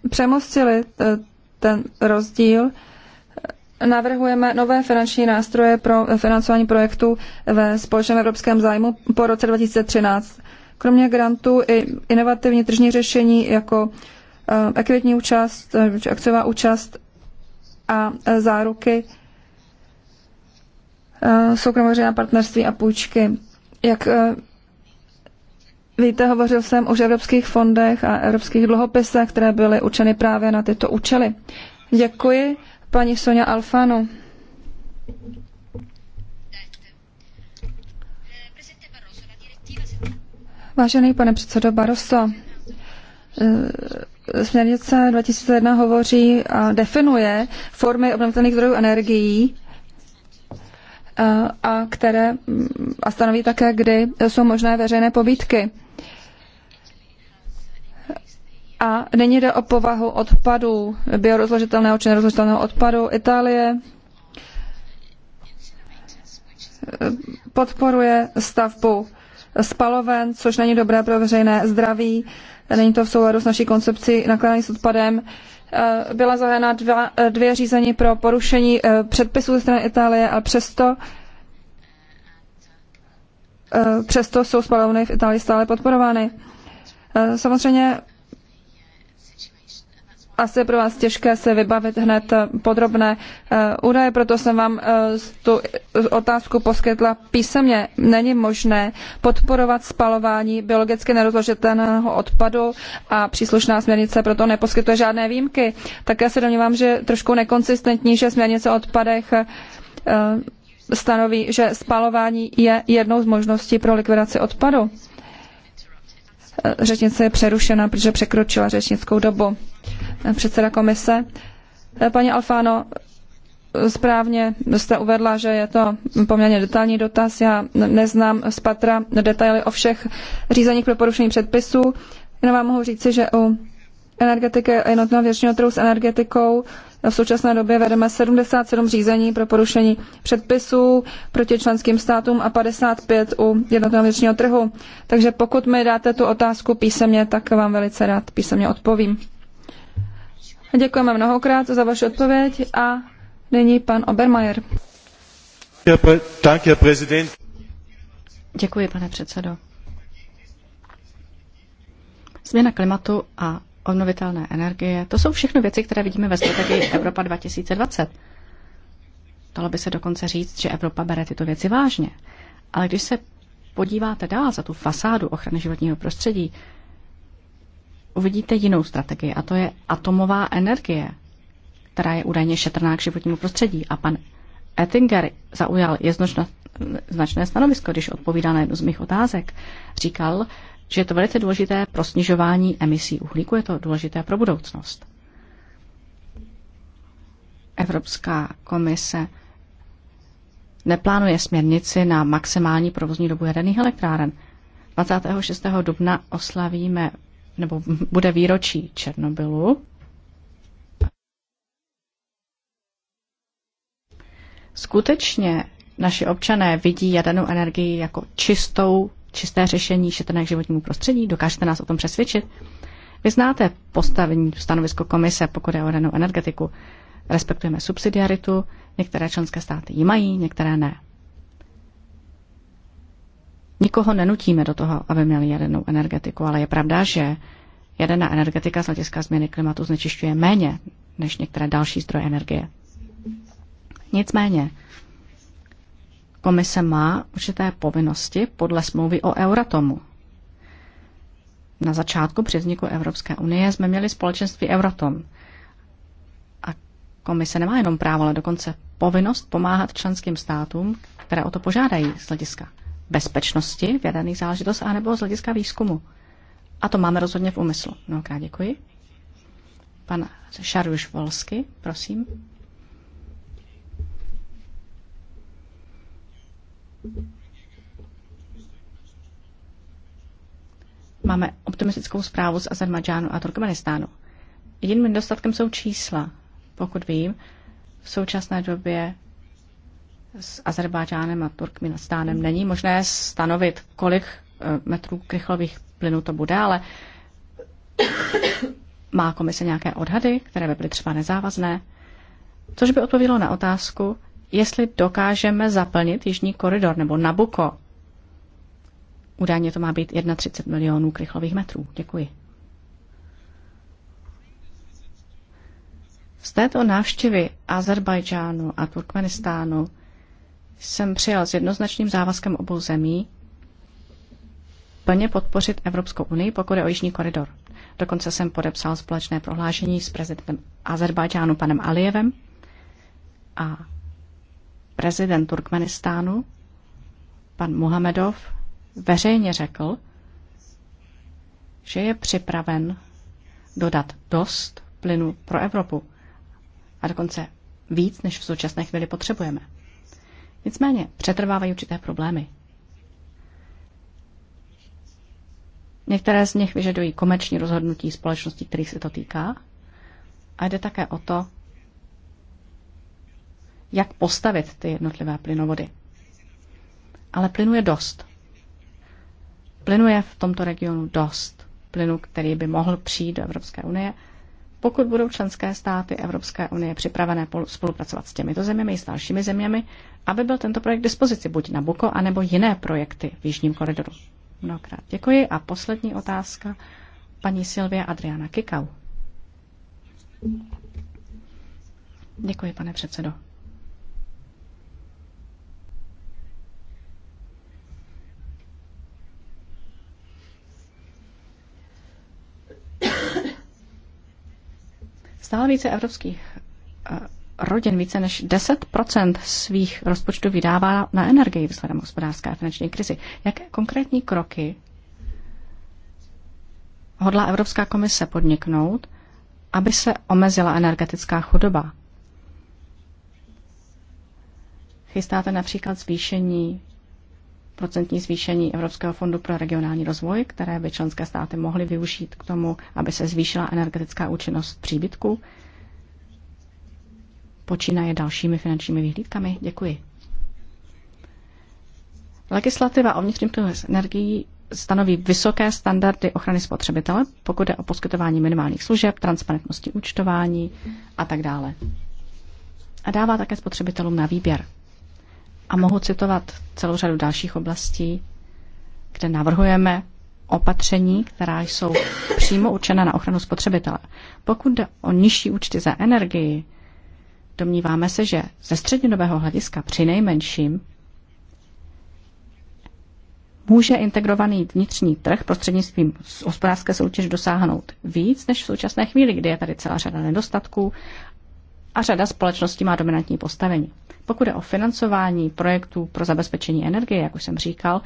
přemostili ten rozdíl, navrhujeme nové finanční nástroje pro financování projektů ve společném evropském zájmu po roce 2013. Kromě grantů i inovativní tržní řešení jako ekvitní eh, účast, eh, akciová účast a eh, záruky soukromoveřejná partnerství a půjčky. Jak víte, hovořil jsem už o evropských fondech a evropských dluhopisech, které byly učeny právě na tyto účely. Děkuji paní Sonja Alfano. Vážený pane předsedo Barroso. Směrnice 2001 hovoří a definuje formy obnovitelných zdrojů energií a, eh, a, které, mm, a stanoví také, kdy jsou možné veřejné pobídky. A nyní jde o povahu odpadu, biorozložitelného či nerozložitelného odpadu. Itálie eh, podporuje stavbu spaloven, což není dobré pro veřejné zdraví není to v souladu s naší koncepcí nakládání s odpadem. E, byla zahájena e, dvě řízení pro porušení e, předpisů ze strany Itálie, ale přesto přesto jsou spalovny v Itálii stále podporovány. Samozřejmě asi pro vás těžké se vybavit hned eh, podrobné eh, údaje, proto jsem vám eh, tu otázku poskytla písemně. Není možné podporovat spalování biologicky nerozložitelného odpadu a příslušná směrnice proto neposkytuje žádné výjimky. Také se domnívám, že je trošku nekonsistentní, že směrnice o odpadech stanoví, že spalování je jednou z možností pro likvidaci odpadu. Eh, řečnice je přerušena, protože překročila řečnickou dobu. Eh, předseda komise. Eh, paní Alfano, správně jste uvedla, že je to poměrně detailní dotaz. Já neznám z patra detaily o všech řízeních pro porušení předpisů. Jenom vám mohu říci, že u energetiky jednotného věčního trhu s energetikou v současné době vedeme 77 řízení pro porušení předpisů proti členským státům a 55 u jednotného vnitřního trhu. Takže pokud mi dáte tu otázku písemně, tak vám velice rád písemně odpovím. Děkujeme mnohokrát za vaši odpověď a nyní pan Obermajer. Děkuji, pane předsedo. Změna klimatu a obnovitelné energie. To jsou všechno věci, které vidíme ve strategii Evropa 2020. Dalo by se dokonce říct, že Evropa bere tyto věci vážně. Ale když se podíváte dál za tu fasádu ochrany životního prostředí, uvidíte jinou strategii, a to je atomová energie, která je údajně šetrná k životnímu prostředí. A pan Ettinger zaujal jednoznačné stanovisko, když odpovídal na jednu z mých otázek. Říkal, že je to velice důležité pro snižování emisí uhlíku, je to důležité pro budoucnost. Evropská komise neplánuje směrnici na maximální provozní dobu jaderných elektráren. 26. dubna oslavíme, nebo bude výročí Černobylu. Skutečně naši občané vidí jadernou energii jako čistou čisté řešení šetrné k životnímu prostředí? Dokážete nás o tom přesvědčit? Vy znáte postavení stanovisko komise, pokud je o danou energetiku. Respektujeme subsidiaritu, některé členské státy ji mají, některé ne. Nikoho nenutíme do toho, aby měli jadernou energetiku, ale je pravda, že jaderná energetika z hlediska změny klimatu znečišťuje méně než některé další zdroje energie. Nicméně, Komise má určité povinnosti podle smlouvy o Euratomu. Na začátku při vzniku Evropské unie jsme měli společenství Euratom. A komise nemá jenom právo, ale dokonce povinnost pomáhat členským státům, které o to požádají z hlediska bezpečnosti vědaných záležitost anebo z hlediska výzkumu. A to máme rozhodně v úmyslu. Mnohokrát děkuji. Pan Šaruš Volsky, prosím. Máme optimistickou zprávu z Azerbajdžánu a Turkmenistánu. Jediným nedostatkem jsou čísla. Pokud vím, v současné době s Azerbajdžánem a Turkmenistánem není možné stanovit, kolik eh, metrů krychlových plynů to bude, ale má komise nějaké odhady, které by byly třeba nezávazné? Což by odpovědělo na otázku, jestli dokážeme zaplnit Jižní koridor nebo Nabuko. Údajně to má být 31 milionů krychlových metrů. Děkuji. Z této návštěvy Azerbajdžánu a Turkmenistánu jsem přijal s jednoznačným závazkem obou zemí plně podpořit Evropskou unii, pokud je o Jižní koridor. Dokonce jsem podepsal společné prohlášení s prezidentem Azerbajdžánu panem Alijevem a prezident Turkmenistánu, pan Muhamedov, veřejně řekl, že je připraven dodat dost plynu pro Evropu a dokonce víc, než v současné chvíli potřebujeme. Nicméně přetrvávají určité problémy. Některé z nich vyžadují komerční rozhodnutí společností, kterých se to týká, a jde také o to, jak postavit ty jednotlivé plynovody. Ale plynu je dost. Plynu je v tomto regionu dost. Plynu, který by mohl přijít do Evropské unie, pokud budou členské státy Evropské unie připravené spolupracovat s těmito zeměmi i s dalšími zeměmi, aby byl tento projekt k dispozici buď na Buko, anebo jiné projekty v Jižním koridoru. Mnohokrát děkuji a poslední otázka paní Silvia Adriana Kikau. Děkuji, pane předsedo. Stále více evropských eh, rodin více než 10 svých rozpočtů vydává na energii vzhledem k hospodářské a finanční krizi. Jaké konkrétní kroky hodlá Evropská komise podniknout, aby se omezila energetická chudoba? Chystáte například zvýšení procentní zvýšení Evropského fondu pro regionální rozvoj, které by členské státy mohly využít k tomu, aby se zvýšila energetická účinnost příbytku. Počínaje dalšími finančními vyhlídkami. Děkuji. Legislativa o vnitřním trhu s energií stanoví vysoké standardy ochrany spotřebitele, pokud je o poskytování minimálních služeb, transparentnosti účtování a tak dále. A dává také spotřebitelům na výběr. A mohu citovat celou řadu dalších oblastí, kde navrhujeme opatření, která jsou přímo určena na ochranu spotřebitele. Pokud jde o nižší účty za energii, domníváme se, že ze střednědobého hlediska při nejmenším může integrovaný vnitřní trh prostřednictvím hospodářské soutěže dosáhnout víc než v současné chvíli, kdy je tady celá řada nedostatků a řada společností má dominantní postavení. Pokud je o financování projektů pro zabezpečení energie, jak už jsem říkal,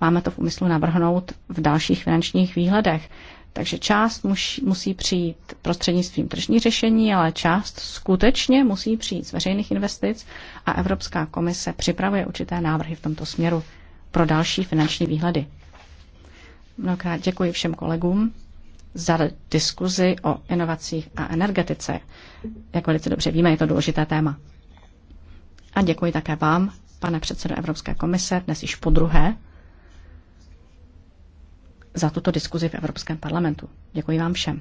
máme to v úmyslu navrhnout v dalších finančních výhledech. Takže část musí, musí přijít prostřednictvím tržní řešení, ale část skutečně musí přijít z veřejných investic a Evropská komise připravuje určité návrhy v tomto směru pro další finanční výhledy. Mnohokrát děkuji všem kolegům za diskuzi o inovacích a energetice. Jak velice dobře víme, je to důležité téma. A děkuji také vám, pane předsedo Evropské komise, dnes již po druhé, za tuto diskuzi v Evropském parlamentu. Děkuji vám všem.